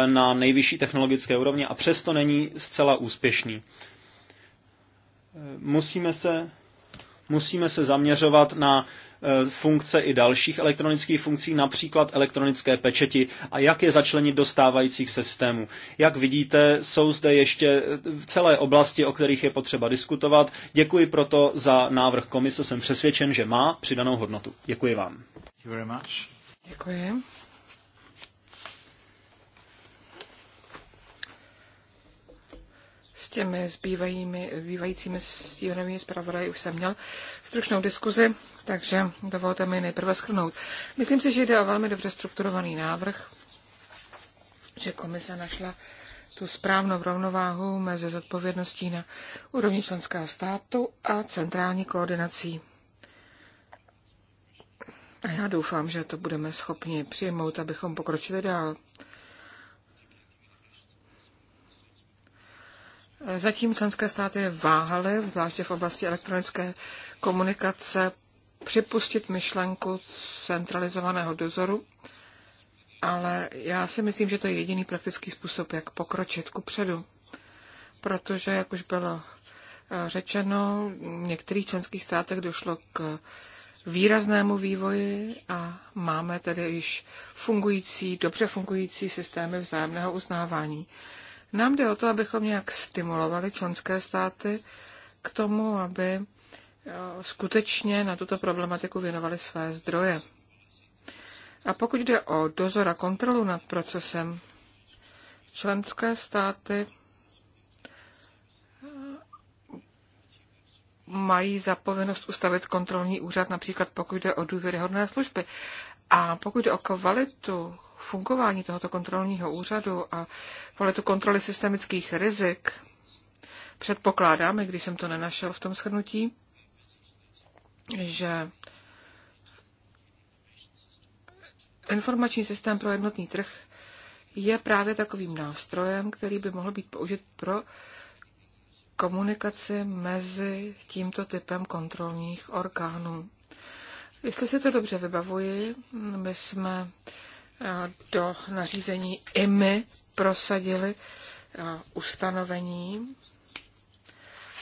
B: na nejvyšší technologické úrovni a přesto není zcela úspěšný. Musíme se, musíme se zaměřovat na Eh, funkce i dalších elektronických funkcí, například elektronické pečeti a jak je začlenit do stávajících systémů. Jak vidíte, jsou zde ještě eh, celé oblasti, o kterých je potřeba diskutovat. Děkuji proto za návrh komise, jsem přesvědčen, že má přidanou hodnotu. Děkuji vám.
C: Děkuji. S těmi zbývajícími stíhnovými zpravodaji už jsem měl stručnou diskuzi takže dovolte mi nejprve schrnout. Myslím si, že jde o velmi dobře strukturovaný návrh, že komise našla tu správnou rovnováhu mezi zodpovědností na úrovni členského státu a centrální koordinací. A já doufám, že to budeme schopni přijmout, abychom pokročili dál. Zatím členské státy váhaly, zvláště v oblasti elektronické komunikace, připustit myšlenku centralizovaného dozoru, ale já si myslím, že to je jediný praktický způsob, jak pokročit ku předu. Protože, jak už bylo eh, řečeno, v některých členských státech došlo k výraznému vývoji a máme tedy již fungující, dobře fungující systémy vzájemného uznávání. Nám jde o to, abychom nějak stimulovali členské státy k tomu, aby Eh, skutečně na tuto problematiku věnovali své zdroje. A pokud jde o dozor a kontrolu nad procesem, členské státy eh, mají za povinnost ustavit kontrolní úřad, například pokud jde o důvěryhodné služby. A pokud jde o kvalitu fungování tohoto kontrolního úřadu a kvalitu kontroly systemických rizik, i když jsem to nenašel v tom shrnutí, že informační systém pro jednotný trh je právě takovým nástrojem, který by mohl být použit pro komunikaci mezi tímto typem kontrolních orgánů. Jestli si to dobře vybavuji, my jsme eh, do nařízení IMI prosadili eh, ustanovení,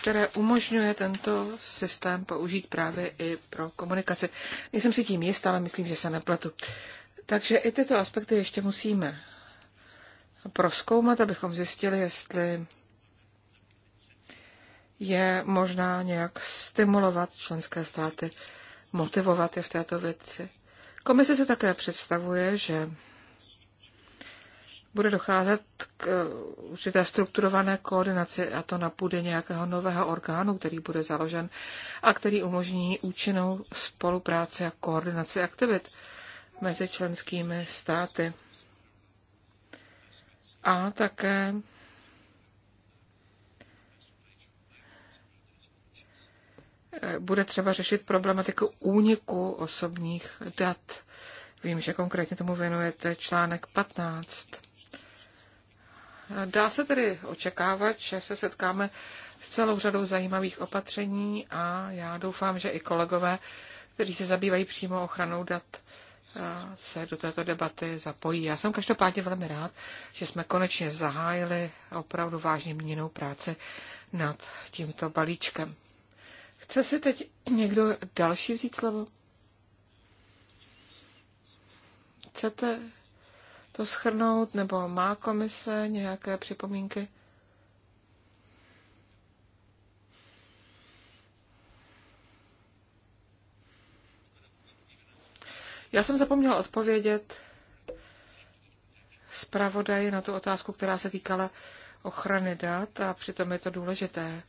C: které umožňuje tento systém použít právě i pro komunikaci. Nejsem si tím jist, ale myslím, že se nepletu. Takže i tyto aspekty ještě musíme proskoumat, abychom zjistili, jestli je možná nějak stimulovat členské státy, motivovat je v této věci. Komise se také představuje, že bude docházet k eh, určité strukturované koordinaci a to na půdě nějakého nového orgánu, který bude založen a který umožní účinnou spolupráci a koordinaci aktivit mezi členskými státy. A také bude třeba řešit problematiku úniku osobních dat. Vím, že konkrétně tomu věnujete článek 15. Dá se tedy očekávat, že se setkáme s celou řadou zajímavých opatření a já doufám, že i kolegové, kteří se zabývají přímo ochranou dat, eh, se do této debaty zapojí. Já jsem každopádně velmi rád, že jsme konečně zahájili opravdu vážně měnou práci nad tímto balíčkem. Chce si teď někdo další vzít slovo? Chcete to schrnout, nebo má komise nějaké připomínky? Já jsem zapomněla odpovědět zpravodaji na tu otázku, která se týkala ochrany dat a přitom je to důležité,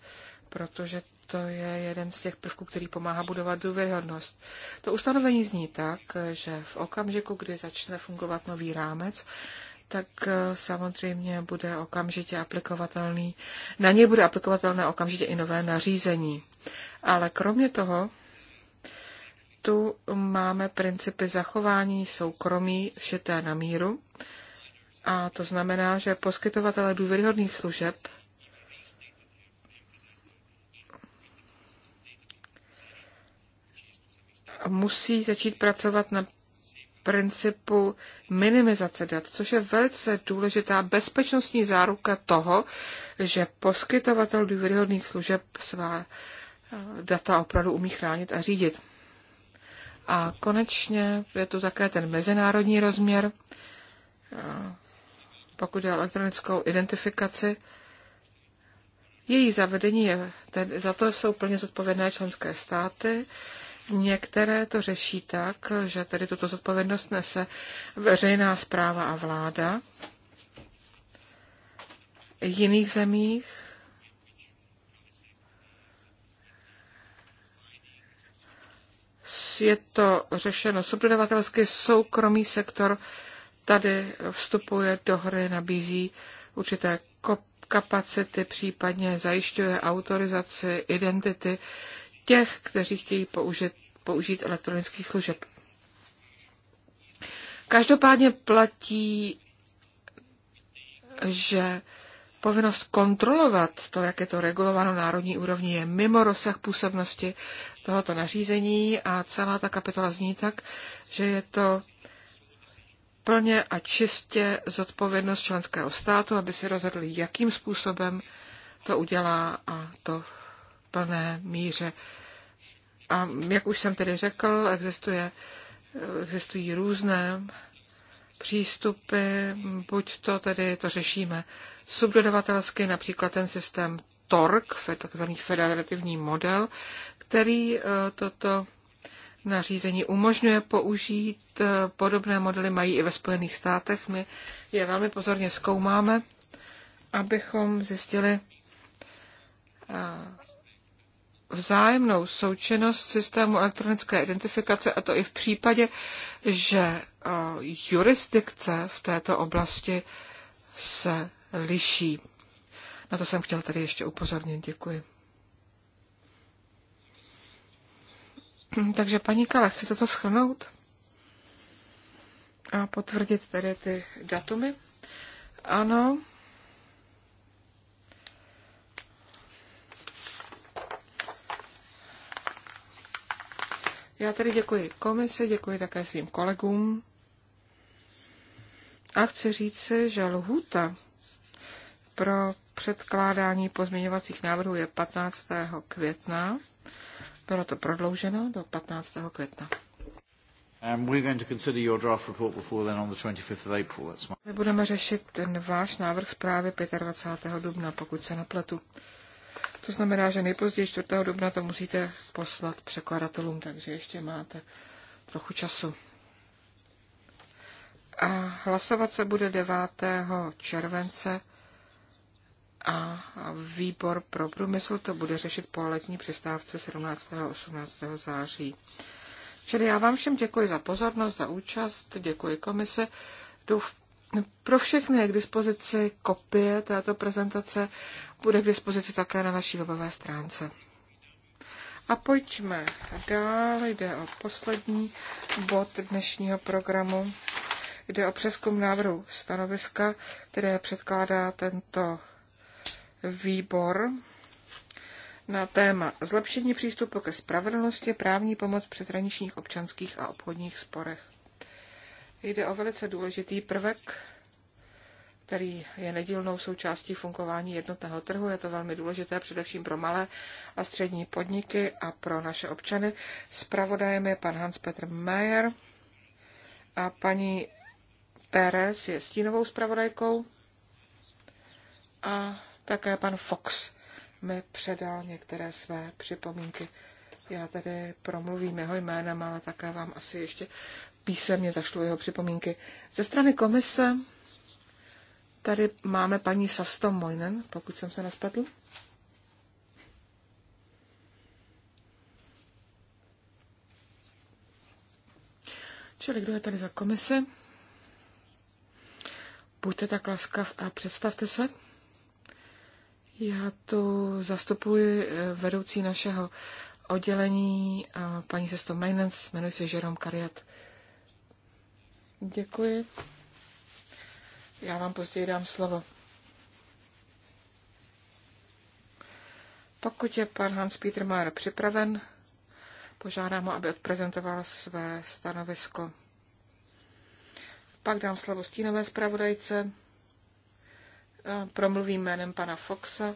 C: protože to je jeden z těch prvků, který pomáhá budovat důvěryhodnost. To ustanovení zní tak, že v okamžiku, kdy začne fungovat nový rámec, tak eh, samozřejmě bude okamžitě aplikovatelný, na něj bude aplikovatelné okamžitě i nové nařízení. Ale kromě toho, tu máme principy zachování soukromí všeté na míru, a to znamená, že poskytovatele důvěryhodných služeb musí začít pracovat na principu minimizace dat, což je velice důležitá bezpečnostní záruka toho, že poskytovatel důvěryhodných služeb svá eh, data opravdu umí chránit a řídit. A konečně je tu také ten mezinárodní rozměr, eh, pokud je elektronickou identifikaci. Její zavedení je, ten, za to jsou plně zodpovědné členské státy Některé to řeší tak, že tady tuto zodpovědnost nese veřejná zpráva a vláda. Jiných zemích je to řešeno subdodavatelsky, soukromý sektor tady vstupuje do hry, nabízí určité kapacity, případně zajišťuje autorizaci, identity těch, kteří chtějí použít, použít elektronických služeb. Každopádně platí, že povinnost kontrolovat to, jak je to regulováno národní úrovni, je mimo rozsah působnosti tohoto nařízení a celá ta kapitola zní tak, že je to plně a čistě zodpovědnost členského státu, aby si rozhodl, jakým způsobem to udělá a to v plné míře a jak už jsem tedy řekl, existuje, existují různé přístupy, buď to tedy to řešíme subdodavatelsky, například ten systém TORC, takzvaný federativní model, který eh, toto nařízení umožňuje použít. Eh, podobné modely mají i ve Spojených státech. My je velmi pozorně zkoumáme, abychom zjistili, eh, vzájemnou součinnost systému elektronické identifikace, a to i v případě, že eh, jurisdikce v této oblasti se liší. Na to jsem chtěl tady ještě upozornit. Děkuji. Hm, takže paní Kala, chcete to schrnout? A potvrdit tady ty datumy? Ano. Já tedy děkuji komisi, děkuji také svým kolegům. A chci říct si, že lhůta pro předkládání pozměňovacích návrhů je 15. května. Bylo to prodlouženo do 15. května. My budeme řešit ten váš návrh zprávy 25. dubna, pokud se nepletu. To znamená, že nejpozději 4. dubna to musíte poslat překladatelům, takže ještě máte trochu času. A hlasovat se bude 9. července a výbor pro průmysl to bude řešit po letní přestávce 17. a 18. září. Čili já vám všem děkuji za pozornost, za účast, děkuji komise. Douf, pro všechny je k dispozici kopie této prezentace, bude k dispozici také na naší webové stránce. A pojďme dál, jde o poslední bod dnešního programu. Jde o přeskum návrhu stanoviska, které předkládá tento výbor na téma zlepšení přístupu ke spravedlnosti, právní pomoc při přeshraničních občanských a obchodních sporech. Jde o velice důležitý prvek, který je nedílnou součástí fungování jednotného trhu. Je to velmi důležité především pro malé a střední podniky a pro naše občany. Spravodajem je pan Hans-Petr Mayer a paní Pérez je stínovou spravodajkou a také pan Fox mi předal některé své připomínky. Já tady promluvím jeho jménem, ale také vám asi ještě písemně zašlu jeho připomínky. Ze strany komise tady máme paní Sasto Mojnen, pokud jsem se nespletl. Čili kdo je tady za komisi? Buďte tak laskav a představte se. Já tu zastupuji eh, vedoucí našeho oddělení, eh, paní Sesto Mainens, jmenuji se Jerome Kariat. Děkuji. Já vám později dám slovo. Pokud je pan Hans Peter Mayer připraven, požádám ho, aby odprezentoval své stanovisko. Pak dám slovo stínové zpravodajce, promluvím jménem pana Foxa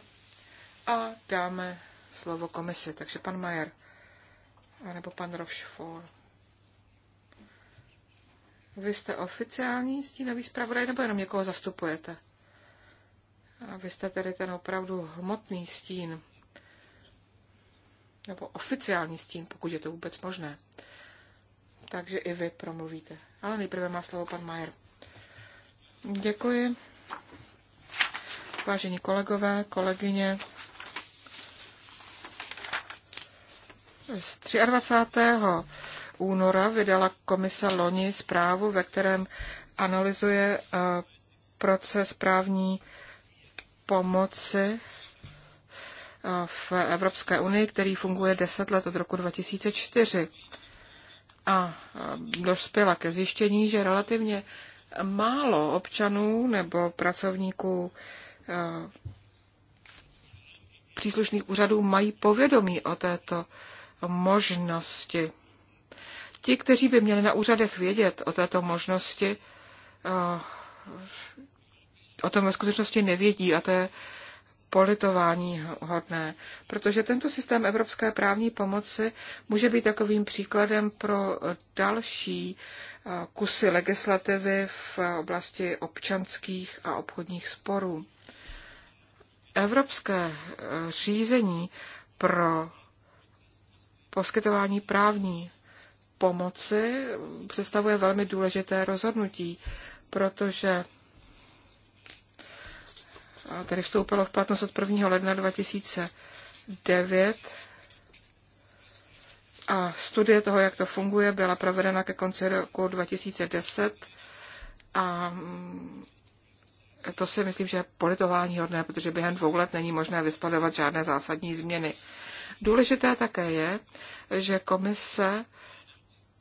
C: a dáme slovo komisi. Takže pan Mayer, nebo pan Rochefort. Vy jste oficiální stínový zpravodaj nebo jenom někoho zastupujete? A vy jste tedy ten opravdu hmotný stín. Nebo oficiální stín, pokud je to vůbec možné. Takže i vy promluvíte. Ale nejprve má slovo pan Majer. Děkuji. Vážení kolegové, kolegyně, z 23 února vydala komise loni zprávu, ve kterém analyzuje eh, proces právní pomoci eh, v Evropské unii, který funguje 10 let od roku 2004. A eh, dospěla ke zjištění, že relativně málo občanů nebo pracovníků příslušných úřadů mají povědomí o této možnosti. Ti, kteří by měli na úřadech vědět o této možnosti, eh, o tom ve skutečnosti nevědí a to je politování hodné, protože tento systém evropské právní pomoci může být takovým příkladem pro další eh, kusy legislativy v oblasti občanských a obchodních sporů. Evropské eh, řízení pro poskytování právní pomoci představuje velmi důležité rozhodnutí, protože tedy vstoupilo v platnost od 1. ledna 2009 a studie toho, jak to funguje, byla provedena ke konci roku 2010 a mm, to si myslím, že je politování hodné, protože během dvou let není možné vysledovat žádné zásadní změny. Důležité také je, že komise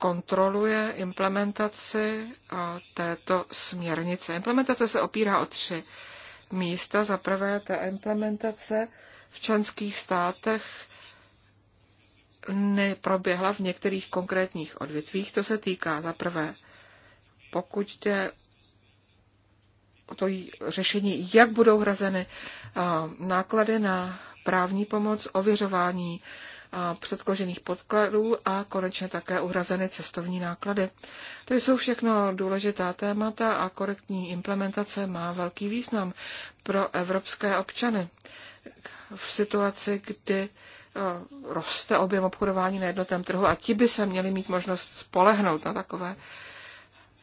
C: kontroluje implementaci eh, této směrnice. Implementace se opírá o tři místa. Za prvé, ta implementace v členských státech neproběhla v některých konkrétních odvětvích. To se týká za prvé, pokud jde o to řešení, jak budou hrazeny eh, náklady na právní pomoc, ověřování předložených podkladů a konečně také uhrazeny cestovní náklady. To jsou všechno důležitá témata a korektní implementace má velký význam pro evropské občany. V situaci, kdy eh, roste objem obchodování na jednotném trhu a ti by se měli mít možnost spolehnout na takové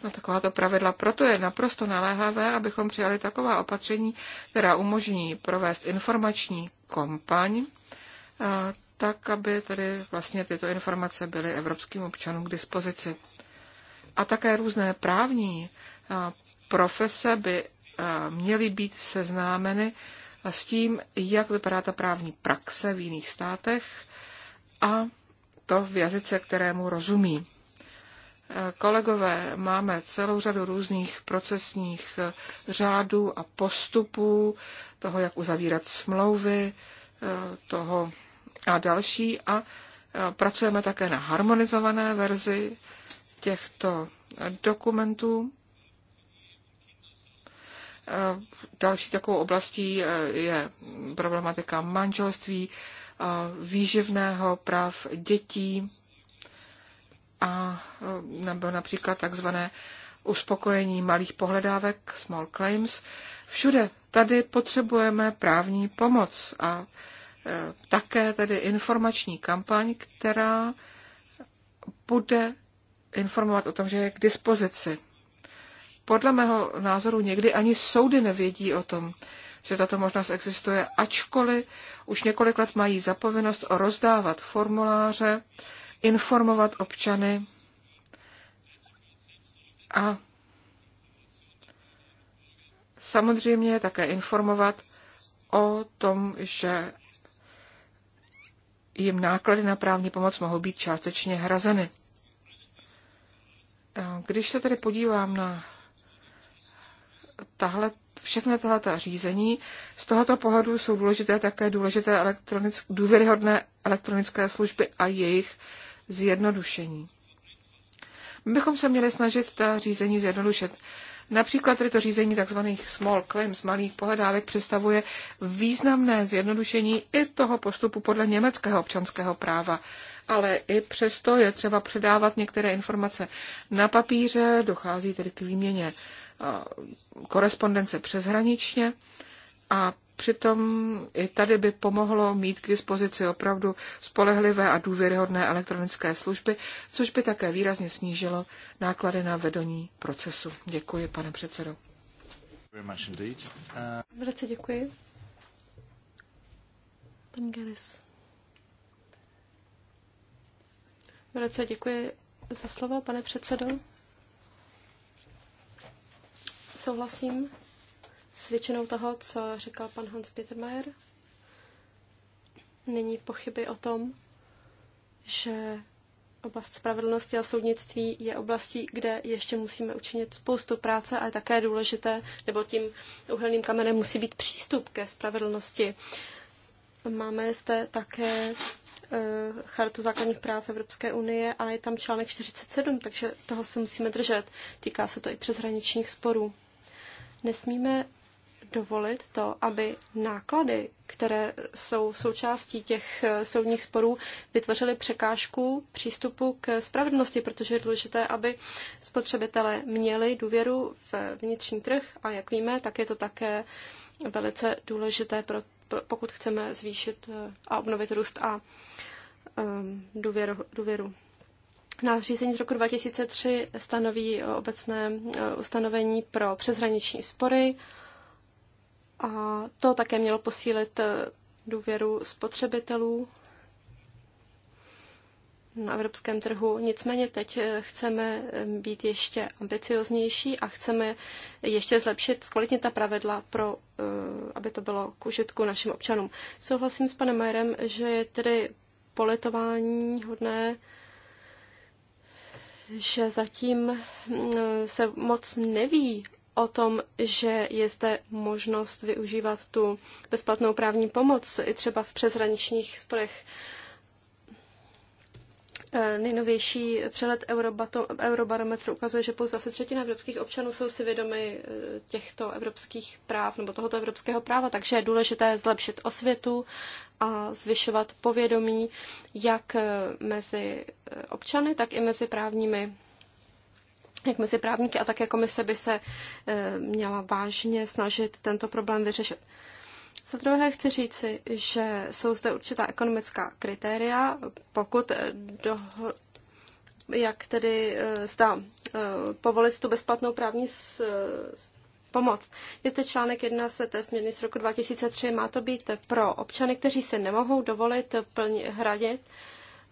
C: na takováto pravidla. Proto je naprosto naléhavé, abychom přijali taková opatření, která umožní provést informační kompaň, eh, tak aby tedy vlastně tyto informace byly evropským občanům k dispozici. A také různé právní profese by měly být seznámeny s tím, jak vypadá ta právní praxe v jiných státech a to v jazyce, kterému rozumí. Kolegové, máme celou řadu různých procesních řádů a postupů, toho, jak uzavírat smlouvy, toho, a další a pracujeme také na harmonizované verzi těchto dokumentů. Další takovou oblastí e, je problematika manželství, e, výživného práv dětí a e, nebo například takzvané uspokojení malých pohledávek, small claims. Všude tady potřebujeme právní pomoc a také tedy informační kampaň, která bude informovat o tom, že je k dispozici. Podle mého názoru někdy ani soudy nevědí o tom, že tato možnost existuje, ačkoliv už několik let mají zapovinnost rozdávat formuláře, informovat občany a samozřejmě také informovat o tom, že jim náklady na právní pomoc mohou být částečně hrazeny. Když se tedy podívám na tahle, všechna tahle řízení, z tohoto pohledu jsou důležité také důležité elektronick, důvěryhodné elektronické služby a jejich zjednodušení. My bychom se měli snažit ta řízení zjednodušit. Například tedy to řízení tzv. small claims, malých pohledávek, představuje významné zjednodušení i toho postupu podle německého občanského práva. Ale i přesto je třeba předávat některé informace na papíře, dochází tedy k výměně korespondence přeshraničně a Přitom i tady by pomohlo mít k dispozici opravdu spolehlivé a důvěryhodné elektronické služby, což by také výrazně snížilo náklady na vedení procesu. Děkuji, pane předsedo.
A: Velice děkuji. Pan Geris. Velice děkuji za slovo, pane předsedo. Souhlasím s většinou toho, co říkal pan Hans Pietermayer. Není pochyby o tom, že oblast spravedlnosti a soudnictví je oblastí, kde ještě musíme učinit spoustu práce a je také důležité, nebo tím uhelným kamenem musí být přístup ke spravedlnosti. Máme zde také eh, chartu základních práv Evropské unie a je tam článek 47, takže toho se musíme držet. Týká se to i přeshraničních sporů. Nesmíme dovolit to, aby náklady, které jsou součástí těch eh, soudních sporů, vytvořily překážku přístupu k spravedlnosti, protože je důležité, aby spotřebitelé měli důvěru v vnitřní trh a jak víme, tak je to také velice důležité, pro, pokud chceme zvýšit eh, a obnovit růst a um, důvěru. důvěru. Nářízení z roku 2003 stanoví eh, obecné ustanovení pro přeshraniční spory, a to také mělo posílit eh, důvěru spotřebitelů na evropském trhu. Nicméně teď eh, chceme eh, být ještě ambicioznější a chceme ještě zlepšit, kvalitně ta pravidla, pro, aby to bylo k užitku našim občanům. Souhlasím s panem Majerem, že je tedy poletování hodné, že zatím mm, se moc neví o tom, že je zde možnost využívat tu bezplatnou právní pomoc i třeba v přeshraničních sporech. E, nejnovější přehled Eurobarometru ukazuje, že pouze asi třetina evropských občanů jsou si vědomi e, těchto evropských práv nebo tohoto evropského práva, takže je důležité zlepšit osvětu a zvyšovat povědomí jak e, mezi občany, tak i mezi právními jak mezi právníky a také komise by se eh, měla vážně snažit tento problém vyřešit. Za druhé chci říci, že jsou zde určitá ekonomická kritéria, pokud eh, do, jak tedy eh, zda povolit tu bezplatnou právní s, pomoc. Je zde článek 1 z té směrny z roku 2003. Má to být pro občany, kteří se nemohou dovolit plně, hradit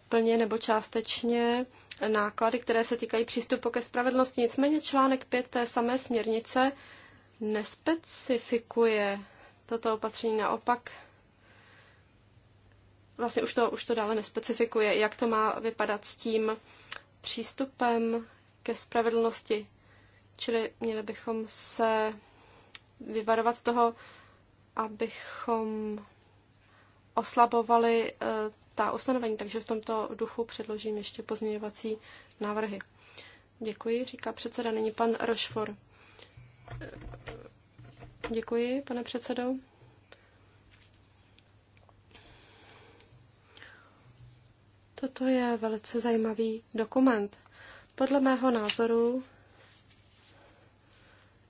A: plně nebo částečně náklady, které se týkají přístupu ke spravedlnosti. Nicméně článek 5 té samé směrnice nespecifikuje toto opatření. Naopak vlastně už to, už to dále nespecifikuje, jak to má vypadat s tím přístupem ke spravedlnosti. Čili měli bychom se vyvarovat toho, abychom oslabovali eh, ta ustanovení, takže v tomto duchu předložím ještě pozměňovací návrhy. Děkuji, říká předseda, není pan Rošfor. Děkuji, pane předsedo. Toto je velice zajímavý dokument. Podle mého názoru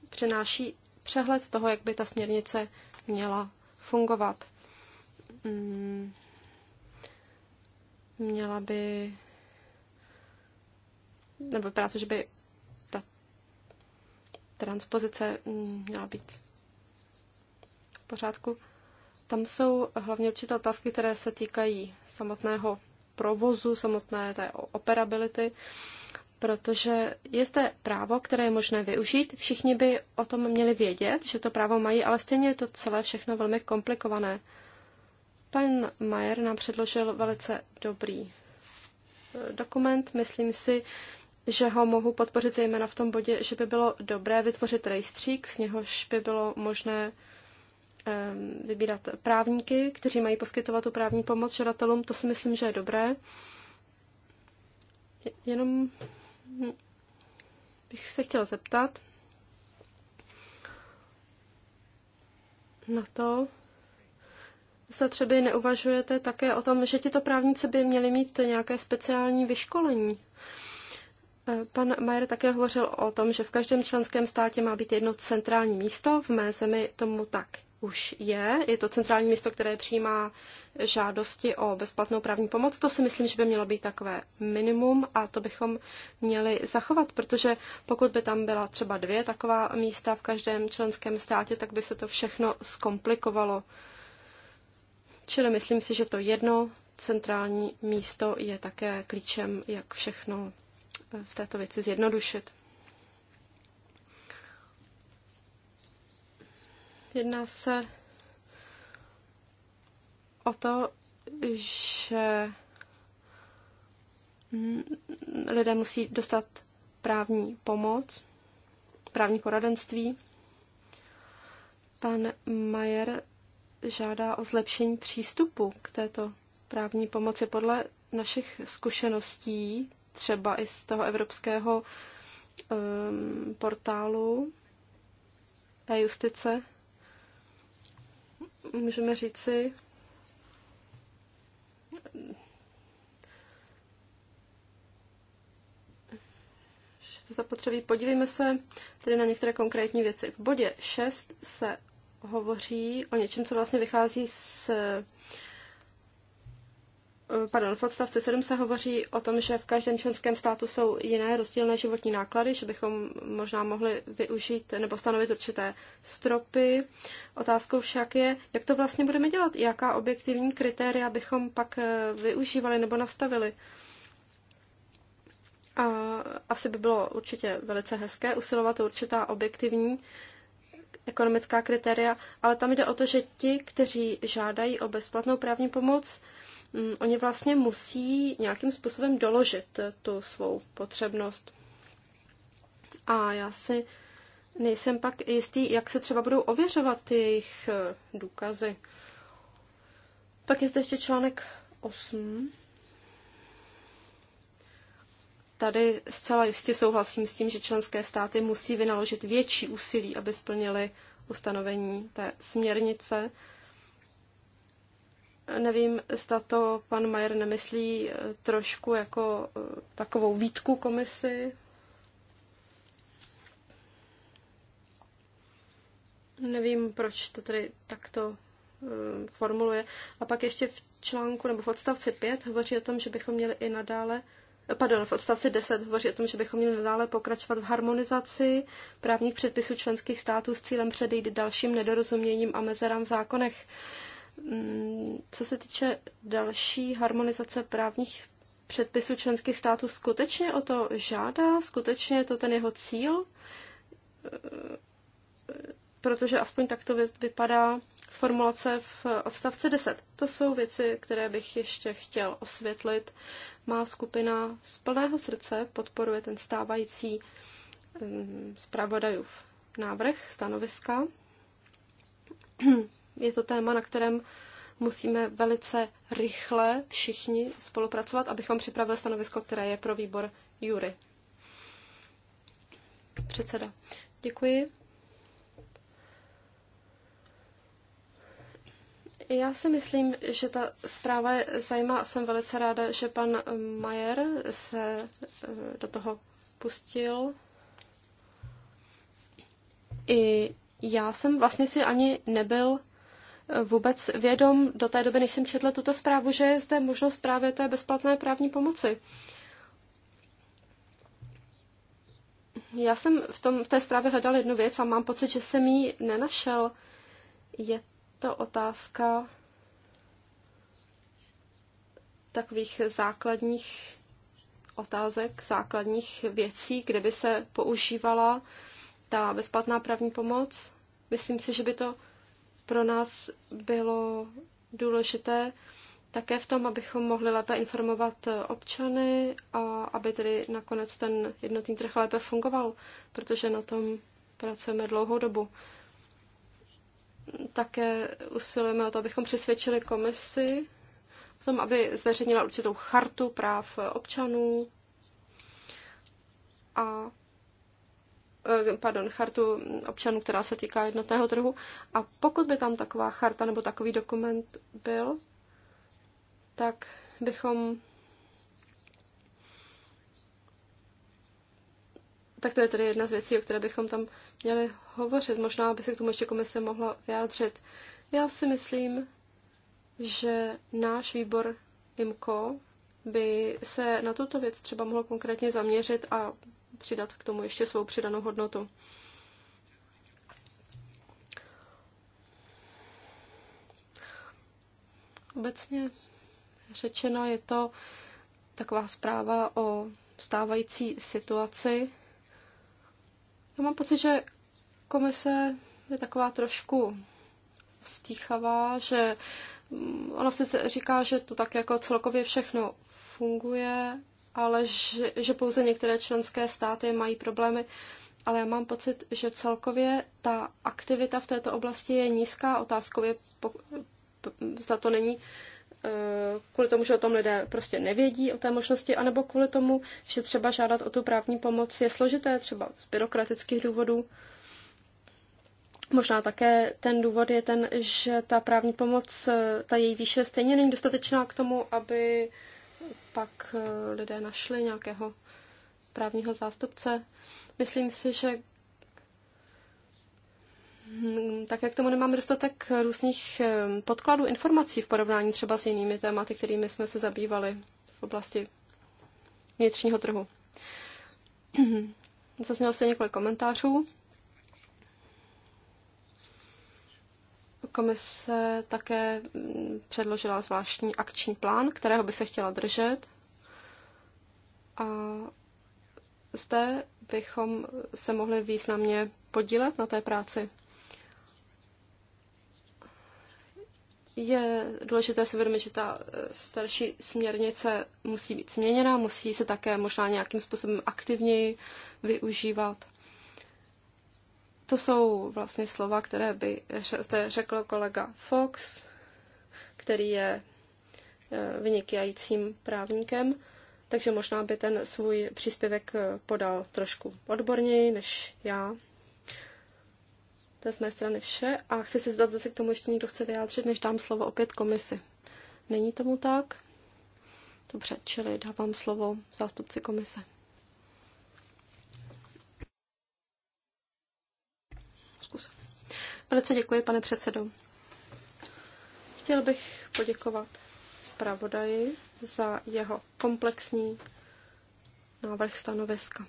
A: přináší přehled toho, jak by ta směrnice měla fungovat. Mm, Měla by, nebo vypadá to, že by ta transpozice mm, měla být v pořádku. Tam jsou hlavně určité otázky, které se týkají samotného provozu, samotné té operability, protože je zde právo, které je možné využít. Všichni by o tom měli vědět, že to právo mají, ale stejně je to celé všechno velmi komplikované. Pan Majer nám předložil velice dobrý eh, dokument. Myslím si, že ho mohu podpořit zejména v tom bodě, že by bylo dobré vytvořit rejstřík, z něhož by bylo možné ehm, vybírat právníky, kteří mají poskytovat tu právní pomoc žadatelům. To si myslím, že je dobré. Jenom bych se chtěla zeptat na to, Zda třeba neuvažujete také o tom, že tyto právníci by měli mít nějaké speciální vyškolení. Pan Majer také hovořil o tom, že v každém členském státě má být jedno centrální místo. V mé zemi tomu tak už je. Je to centrální místo, které přijímá žádosti o bezplatnou právní pomoc. To si myslím, že by mělo být takové minimum a to bychom měli zachovat, protože pokud by tam byla třeba dvě taková místa v každém členském státě, tak by se to všechno zkomplikovalo. Čili myslím si, že to jedno centrální místo je také klíčem, jak všechno eh, v této věci zjednodušit. Jedná se o to, že mm, lidé musí dostat právní pomoc, právní poradenství. Pan Majer žádá o zlepšení přístupu k této právní pomoci. Podle našich zkušeností, třeba i z toho evropského um, portálu a justice můžeme říci, že to zapotřebí. Podívejme se tedy na některé konkrétní věci. V bodě 6 se hovoří o něčem, co vlastně vychází z eh, pardon, v odstavce 7 se hovoří o tom, že v každém členském státu jsou jiné rozdílné životní náklady, že bychom možná mohli využít nebo stanovit určité stropy. Otázkou však je, jak to vlastně budeme dělat, jaká objektivní kritéria bychom pak eh, využívali nebo nastavili. A asi by bylo určitě velice hezké usilovat o určitá objektivní ekonomická kritéria, ale tam jde o to, že ti, kteří žádají o bezplatnou právní pomoc, mm, oni vlastně musí nějakým způsobem doložit eh, tu svou potřebnost. A já si nejsem pak jistý, jak se třeba budou ověřovat ty jejich eh, důkazy. Pak je zde ještě článek 8. Tady zcela jistě souhlasím s tím, že členské státy musí vynaložit větší úsilí, aby splnili ustanovení té směrnice. Nevím, zda to pan Majer nemyslí eh, trošku jako eh, takovou výtku komisi. Nevím, proč to tady takto eh, formuluje. A pak ještě v článku nebo v odstavci 5 hovoří o tom, že bychom měli i nadále pardon, v odstavci 10 hovoří o tom, že bychom měli nadále pokračovat v harmonizaci právních předpisů členských států s cílem předejít dalším nedorozuměním a mezerám v zákonech. Mm, co se týče další harmonizace právních předpisů členských států, skutečně o to žádá? Skutečně je to ten jeho cíl? protože aspoň tak to vypadá z formulace v odstavce 10. To jsou věci, které bych ještě chtěl osvětlit. Má skupina z plného srdce podporuje ten stávající mm, zpravodajův návrh, stanoviska. [clears throat] Je to téma, na kterém musíme velice rychle všichni spolupracovat, abychom připravili stanovisko, které je pro výbor Jury. Předseda. Děkuji. Já si myslím, že ta zpráva je zajímavá. Jsem velice ráda, že pan Majer se eh, do toho pustil. I já jsem vlastně si ani nebyl eh, vůbec vědom do té doby, než jsem četla tuto zprávu, že je zde možnost právě té bezplatné právní pomoci. Já jsem v, tom, v té zprávě hledal jednu věc a mám pocit, že jsem ji nenašel. Je to otázka takových základních otázek, základních věcí, kde by se používala ta bezplatná právní pomoc. Myslím si, že by to pro nás bylo důležité také v tom, abychom mohli lépe informovat občany a aby tedy nakonec ten jednotný trh lépe fungoval, protože na tom pracujeme dlouhou dobu. Také usilujeme o to, abychom přesvědčili komisi o tom, aby zveřejnila určitou chartu práv občanů a eh, pardon, chartu občanů, která se týká jednotného trhu. A pokud by tam taková charta nebo takový dokument byl, tak bychom tak to je tedy jedna z věcí, o které bychom tam měli hovořit. Možná by se k tomu ještě komise mohla vyjádřit. Já si myslím, že náš výbor IMCO by se na tuto věc třeba mohl konkrétně zaměřit a přidat k tomu ještě svou přidanou hodnotu. Obecně řečeno je to taková zpráva o stávající situaci. Já mám pocit, že Komise je taková trošku stíchavá, že mm, ona sice říká, že to tak jako celkově všechno funguje, ale že, že pouze některé členské státy mají problémy. Ale já mám pocit, že celkově ta aktivita v této oblasti je nízká. Otázkově, zda to není eh, kvůli tomu, že o tom lidé prostě nevědí, o té možnosti, anebo kvůli tomu, že třeba žádat o tu právní pomoc je složité, třeba z byrokratických důvodů. Možná také ten důvod je ten, že ta právní pomoc, ta její výše stejně není dostatečná k tomu, aby pak eh, lidé našli nějakého právního zástupce. Myslím si, že hm, tak jak tomu nemáme dostatek různých eh, podkladů, informací v porovnání třeba s jinými tématy, kterými jsme se zabývali v oblasti vnitřního trhu. [clears throat] Zasněl se několik komentářů. Komise také mm, předložila zvláštní akční plán, kterého by se chtěla držet. A zde bychom se mohli významně podílet na té práci. je důležité si uvědomit, že ta eh, starší směrnice musí být změněna, musí se také možná nějakým způsobem aktivněji využívat. To jsou vlastně slova, které by zde řekl kolega Fox, který je e, vynikajícím právníkem, takže možná by ten svůj příspěvek e, podal trošku odborněji než já. To je z mé strany vše a chci se zdat, zase k tomu ještě někdo chce vyjádřit, než dám slovo opět komisi. Není tomu tak? Dobře, čili dávám slovo zástupci komise. způsob. Velice děkuji, pane předsedo. Chtěl bych poděkovat zpravodaji za jeho komplexní návrh stanoviska.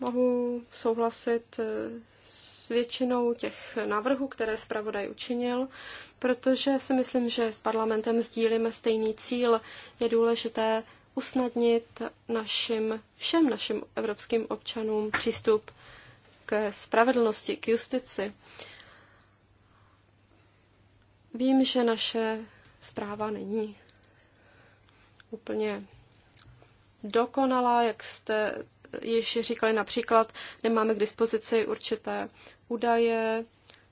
A: Mohu souhlasit eh, s většinou těch návrhů, které zpravodaj učinil, protože si myslím, že s parlamentem sdílíme stejný cíl. Je důležité usnadnit našim, všem našim evropským občanům přístup k spravedlnosti, k justici. Vím, že naše zpráva není úplně dokonalá, jak jste již říkali například, nemáme k dispozici určité údaje,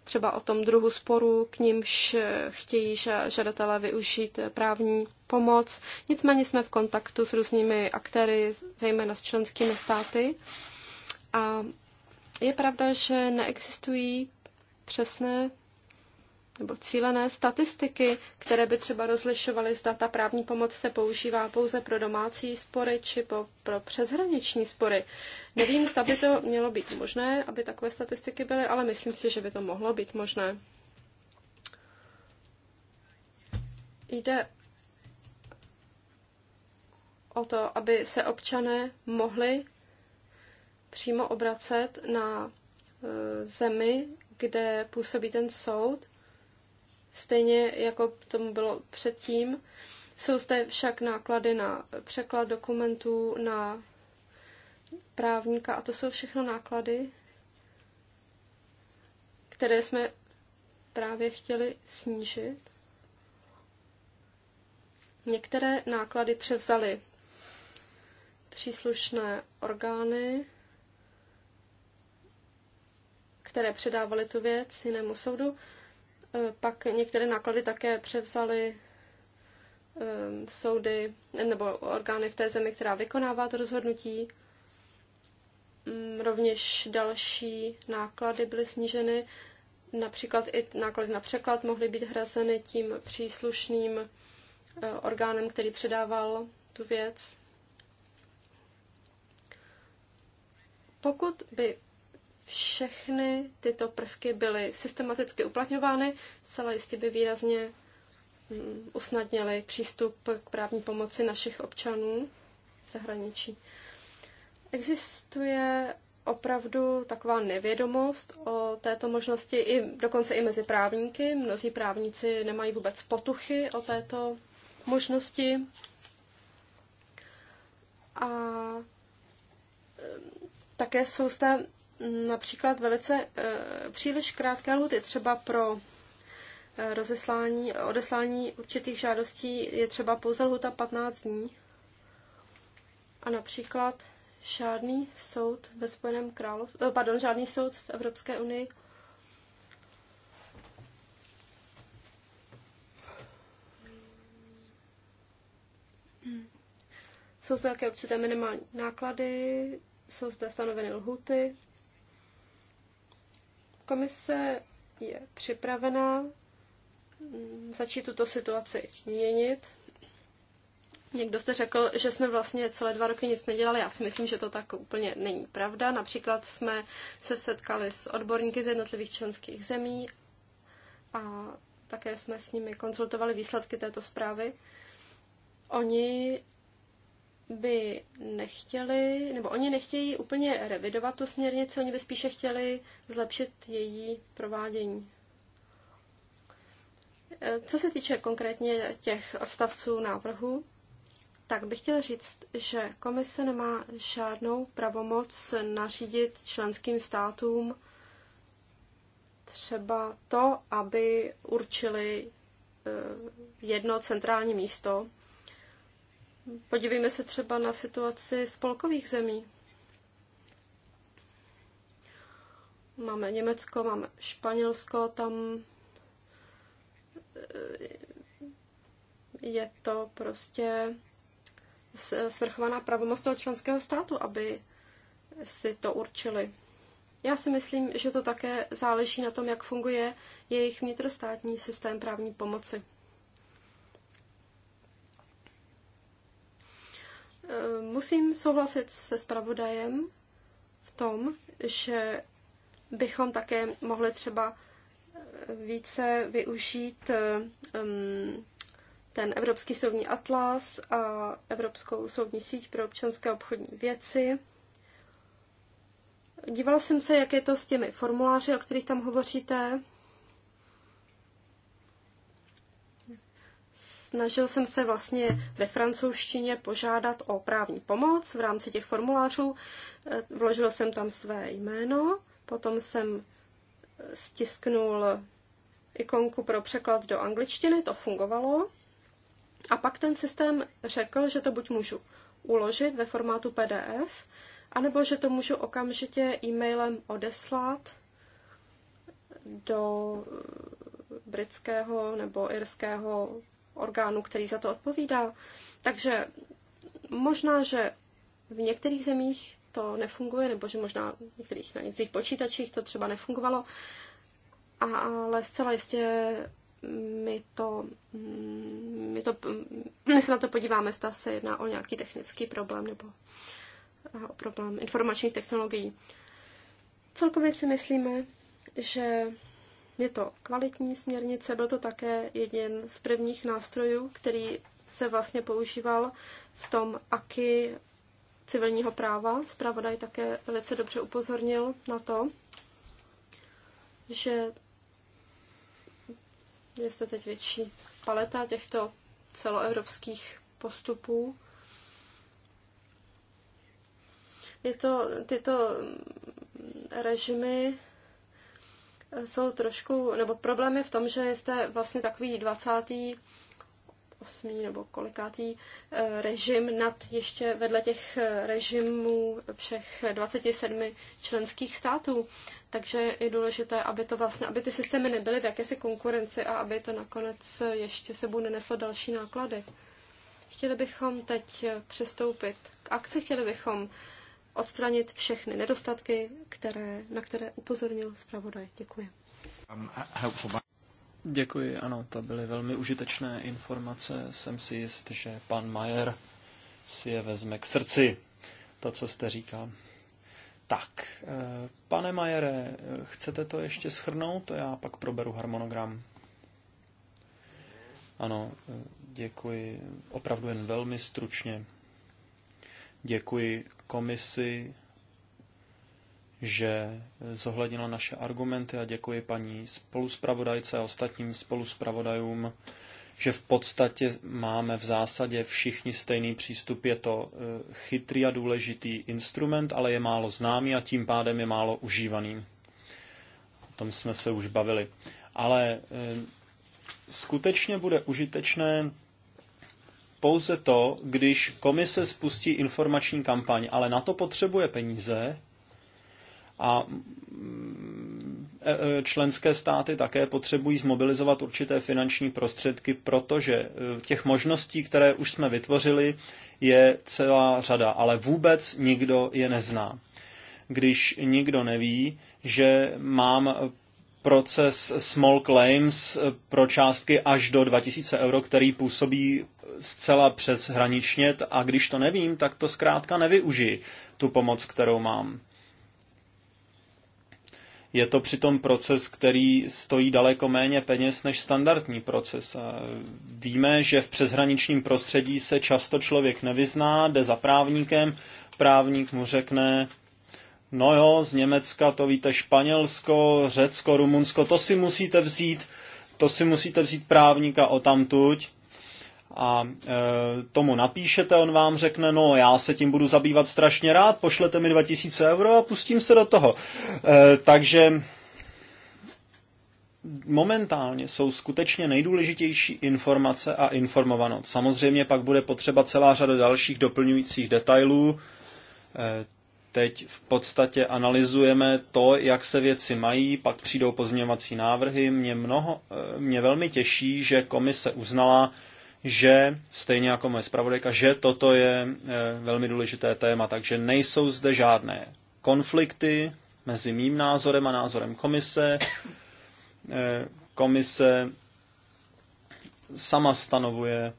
A: třeba o tom druhu sporu, k nímž chtějí žadatelé využít právní pomoc. Nicméně jsme v kontaktu s různými aktéry, zejména s členskými státy. A je pravda, že neexistují přesné nebo cílené statistiky, které by třeba rozlišovaly, zda ta právní pomoc se používá pouze pro domácí spory či po, pro přeshraniční spory. Nevím, zda by to mělo být možné, aby takové statistiky byly, ale myslím si, že by to mohlo být možné. Jde o to, aby se občané mohli přímo obracet na e, zemi, kde působí ten soud stejně jako tomu bylo předtím. Jsou zde však náklady na překlad dokumentů, na právníka a to jsou všechno náklady, které jsme právě chtěli snížit. Některé náklady převzaly příslušné orgány, které předávaly tu věc jinému soudu. Eh, pak některé náklady také převzaly ehm, soudy nebo orgány v té zemi, která vykonává to rozhodnutí. Mm, rovněž další náklady byly sníženy. Například i náklady na překlad mohly být hrazeny tím příslušným eh, orgánem, který předával tu věc. Pokud by všechny tyto prvky byly systematicky uplatňovány, celé jistě by výrazně mm, usnadnili přístup k právní pomoci našich občanů v zahraničí. Existuje opravdu taková nevědomost o této možnosti, i, dokonce i mezi právníky. Mnozí právníci nemají vůbec potuchy o této možnosti. A mm, také jsou zde například velice eh, příliš krátké lhuty, třeba pro eh, rozeslání, odeslání určitých žádostí je třeba pouze lhuta 15 dní. A například žádný soud ve Spojeném království, eh, pardon, žádný soud v Evropské unii Jsou zde také určité minimální náklady, jsou zde stanoveny lhuty, Komise je připravená mm, začít tuto situaci měnit. Někdo jste řekl, že jsme vlastně celé dva roky nic nedělali. Já si myslím, že to tak úplně není pravda. Například jsme se setkali s odborníky z jednotlivých členských zemí a také jsme s nimi konzultovali výsledky této zprávy. Oni by nechtěli, nebo oni nechtějí úplně revidovat tu směrnici, oni by spíše chtěli zlepšit její provádění. E, co se týče konkrétně těch odstavců návrhu, tak bych chtěla říct, že komise nemá žádnou pravomoc nařídit členským státům třeba to, aby určili e, jedno centrální místo Podívejme se třeba na situaci spolkových zemí. Máme Německo, máme Španělsko, tam eh, je to prostě svrchovaná pravomoc toho členského státu, aby si to určili. Já si myslím, že to také záleží na tom, jak funguje jejich vnitrostátní systém právní pomoci. Eh, musím souhlasit se spravodajem v tom, že bychom také mohli třeba eh, více využít eh, ten Evropský soudní atlas a Evropskou soudní síť pro občanské obchodní věci. Dívala jsem se, jak je to s těmi formuláři, o kterých tam hovoříte. Snažil jsem se vlastně ve francouzštině požádat o právní pomoc v rámci těch formulářů. E, vložil jsem tam své jméno, potom jsem stisknul ikonku pro překlad do angličtiny, to fungovalo. A pak ten systém řekl, že to buď můžu uložit ve formátu PDF, anebo že to můžu okamžitě e-mailem odeslat do britského nebo irského orgánu, který za to odpovídá. Takže možná, že v některých zemích to nefunguje, nebo že možná některých, na některých počítačích to třeba nefungovalo, ale zcela jistě my to, mm, my to, mm, my se na to podíváme, zda se jedná o nějaký technický problém nebo o problém informačních technologií. Celkově si myslíme, že je to kvalitní směrnice, byl to také jeden z prvních nástrojů, který se vlastně používal v tom AKI civilního práva. Zpravodaj také velice dobře upozornil na to, že je zde teď větší paleta těchto celoevropských postupů. Je to tyto režimy jsou trošku, nebo problém je v tom, že jste vlastně takový 20. osmý nebo kolikátý eh, režim nad ještě vedle těch eh, režimů všech 27 členských států. Takže je důležité, aby to vlastně, aby ty systémy nebyly v jakési konkurenci a aby to nakonec ještě sebou neneslo další náklady. Chtěli bychom teď přistoupit k akci, chtěli bychom odstranit všechny nedostatky, které, na které upozornil zpravodaj.
B: Děkuji. Děkuji, ano, to byly velmi užitečné informace. Jsem si jist, že pan Majer si je vezme k srdci, to, co jste říkal. Tak, eh, pane Majere, chcete to ještě schrnout? To já pak proberu harmonogram. Ano, eh, děkuji. Opravdu jen velmi stručně. Děkuji komisi, že zohlednila naše argumenty a děkuji paní spoluspravodajce a ostatním spoluspravodajům, že v podstatě máme v zásadě všichni stejný přístup. Je to eh, chytrý a důležitý instrument, ale je málo známý a tím pádem je málo užívaný. O tom jsme se už bavili. Ale eh, skutečně bude užitečné pouze to, když komise spustí informační kampaň, ale na to potřebuje peníze a mm, e, e, členské státy také potřebují zmobilizovat určité finanční prostředky, protože e, těch možností, které už jsme vytvořili, je celá řada, ale vůbec nikdo je nezná. Když nikdo neví, že mám proces small claims pro částky až do 2000 euro, který působí zcela hraničně a když to nevím, tak to zkrátka nevyužiji, tu pomoc, kterou mám. Je to přitom proces, který stojí daleko méně peněz než standardní proces. A víme, že v přeshraničním prostředí se často člověk nevyzná, jde za právníkem, právník mu řekne, No jo, z Německa to víte, Španělsko, Řecko, Rumunsko, to si musíte vzít, to si musíte vzít právníka o tamtuť a e, tomu napíšete, on vám řekne, no já se tím budu zabývat strašně rád, pošlete mi 2000 euro a pustím se do toho. E, takže momentálně jsou skutečně nejdůležitější informace a informovanost. Samozřejmě pak bude potřeba celá řada dalších doplňujících detailů, e, teď v podstatě analyzujeme to, jak se věci mají, pak přijdou pozměňovací návrhy. Mě, mnoho, eh, mě velmi těší, že komise uznala, že, stejně jako moje zpravodajka, že toto je eh, velmi důležité téma, takže nejsou zde žádné konflikty mezi mým názorem a názorem komise. Eh, komise sama stanovuje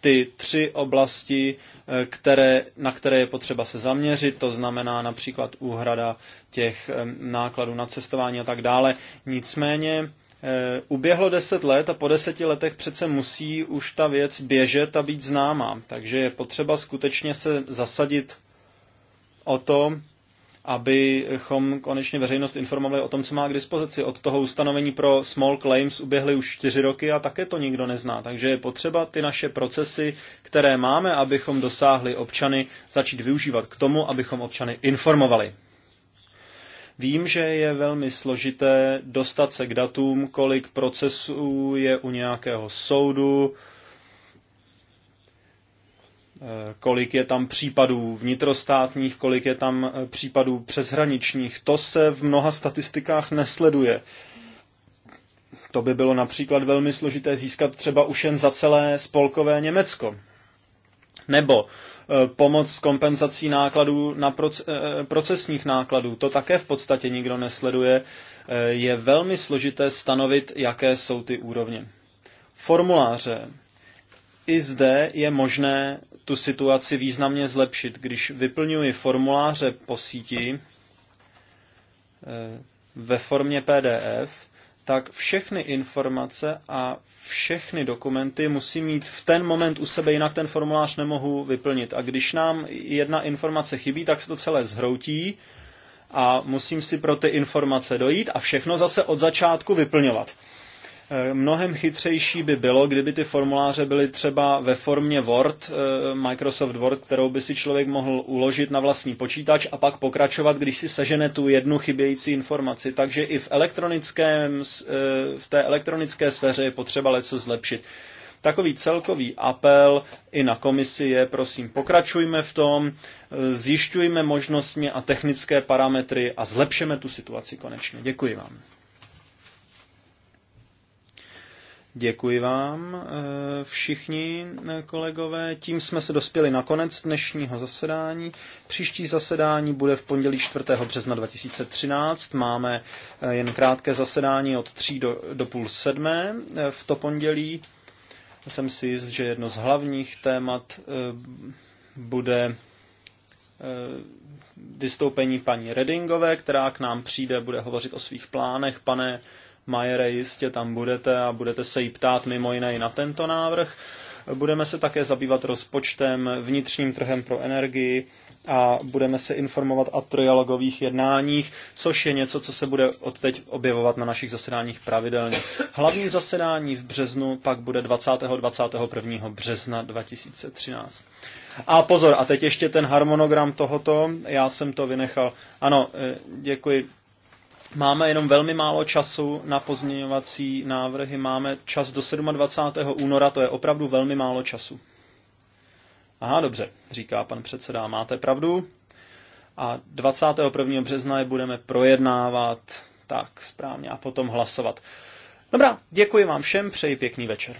B: ty tři oblasti, eh, které, na které je potřeba se zaměřit, to znamená například úhrada těch eh, nákladů na cestování a tak dále. Nicméně eh, uběhlo deset let a po deseti letech přece musí už ta věc běžet a být známá. Takže je potřeba skutečně se zasadit o to, abychom konečně veřejnost informovali o tom, co má k dispozici. Od toho ustanovení pro small claims uběhly už čtyři roky a také to nikdo nezná. Takže je potřeba ty naše procesy, které máme, abychom dosáhli občany, začít využívat k tomu, abychom občany informovali. Vím, že je velmi složité dostat se k datům, kolik procesů je u nějakého soudu, kolik je tam případů vnitrostátních, kolik je tam eh, případů přeshraničních. To se v mnoha statistikách nesleduje. To by bylo například velmi složité získat třeba už jen za celé spolkové Německo. Nebo eh, pomoc s kompenzací nákladů na eh, procesních nákladů. To také v podstatě nikdo nesleduje. Je velmi složité stanovit, jaké jsou ty úrovně. Formuláře. I zde je možné tu situaci významně zlepšit. Když vyplňuji formuláře po síti eh, ve formě PDF, tak všechny informace a všechny dokumenty musím mít v ten moment u sebe, jinak ten formulář nemohu vyplnit. A když nám jedna informace chybí, tak se to celé zhroutí a musím si pro ty informace dojít a všechno zase od začátku vyplňovat. Eh, mnohem chytřejší by bylo, kdyby ty formuláře byly třeba ve formě Word, eh, Microsoft Word, kterou by si člověk mohl uložit na vlastní počítač a pak pokračovat, když si sežene tu jednu chybějící informaci. Takže i v, elektronickém, eh, v té elektronické sféře je potřeba něco zlepšit. Takový celkový apel i na komisi je, prosím, pokračujme v tom, zjišťujme možnostmi a technické parametry a zlepšeme tu situaci konečně. Děkuji vám. Děkuji vám eh, všichni eh, kolegové. Tím jsme se dospěli na konec dnešního zasedání. Příští zasedání bude v pondělí 4. března 2013. Máme eh, jen krátké zasedání od 3 do, do půl sedmé v to pondělí. Jsem si jist, že jedno z hlavních témat bude vystoupení paní Redingové, která k nám přijde, bude hovořit o svých plánech. Pane Majere, jistě tam budete a budete se jí ptát mimo jiné i na tento návrh. Budeme se také zabývat rozpočtem, vnitřním trhem pro energii a budeme se informovat o trialogových jednáních, což je něco, co se bude odteď objevovat na našich zasedáních pravidelně. Hlavní zasedání v březnu pak bude 20. 21. března 2013. A pozor, a teď ještě ten harmonogram tohoto, já jsem to vynechal. Ano, eh, děkuji, Máme jenom velmi málo času na pozměňovací návrhy. Máme čas do 27. února, to je opravdu velmi málo času. Aha, dobře, říká pan předseda, máte pravdu. A 21. března je budeme projednávat, tak správně, a potom hlasovat. Dobrá, děkuji vám všem, přeji pěkný večer.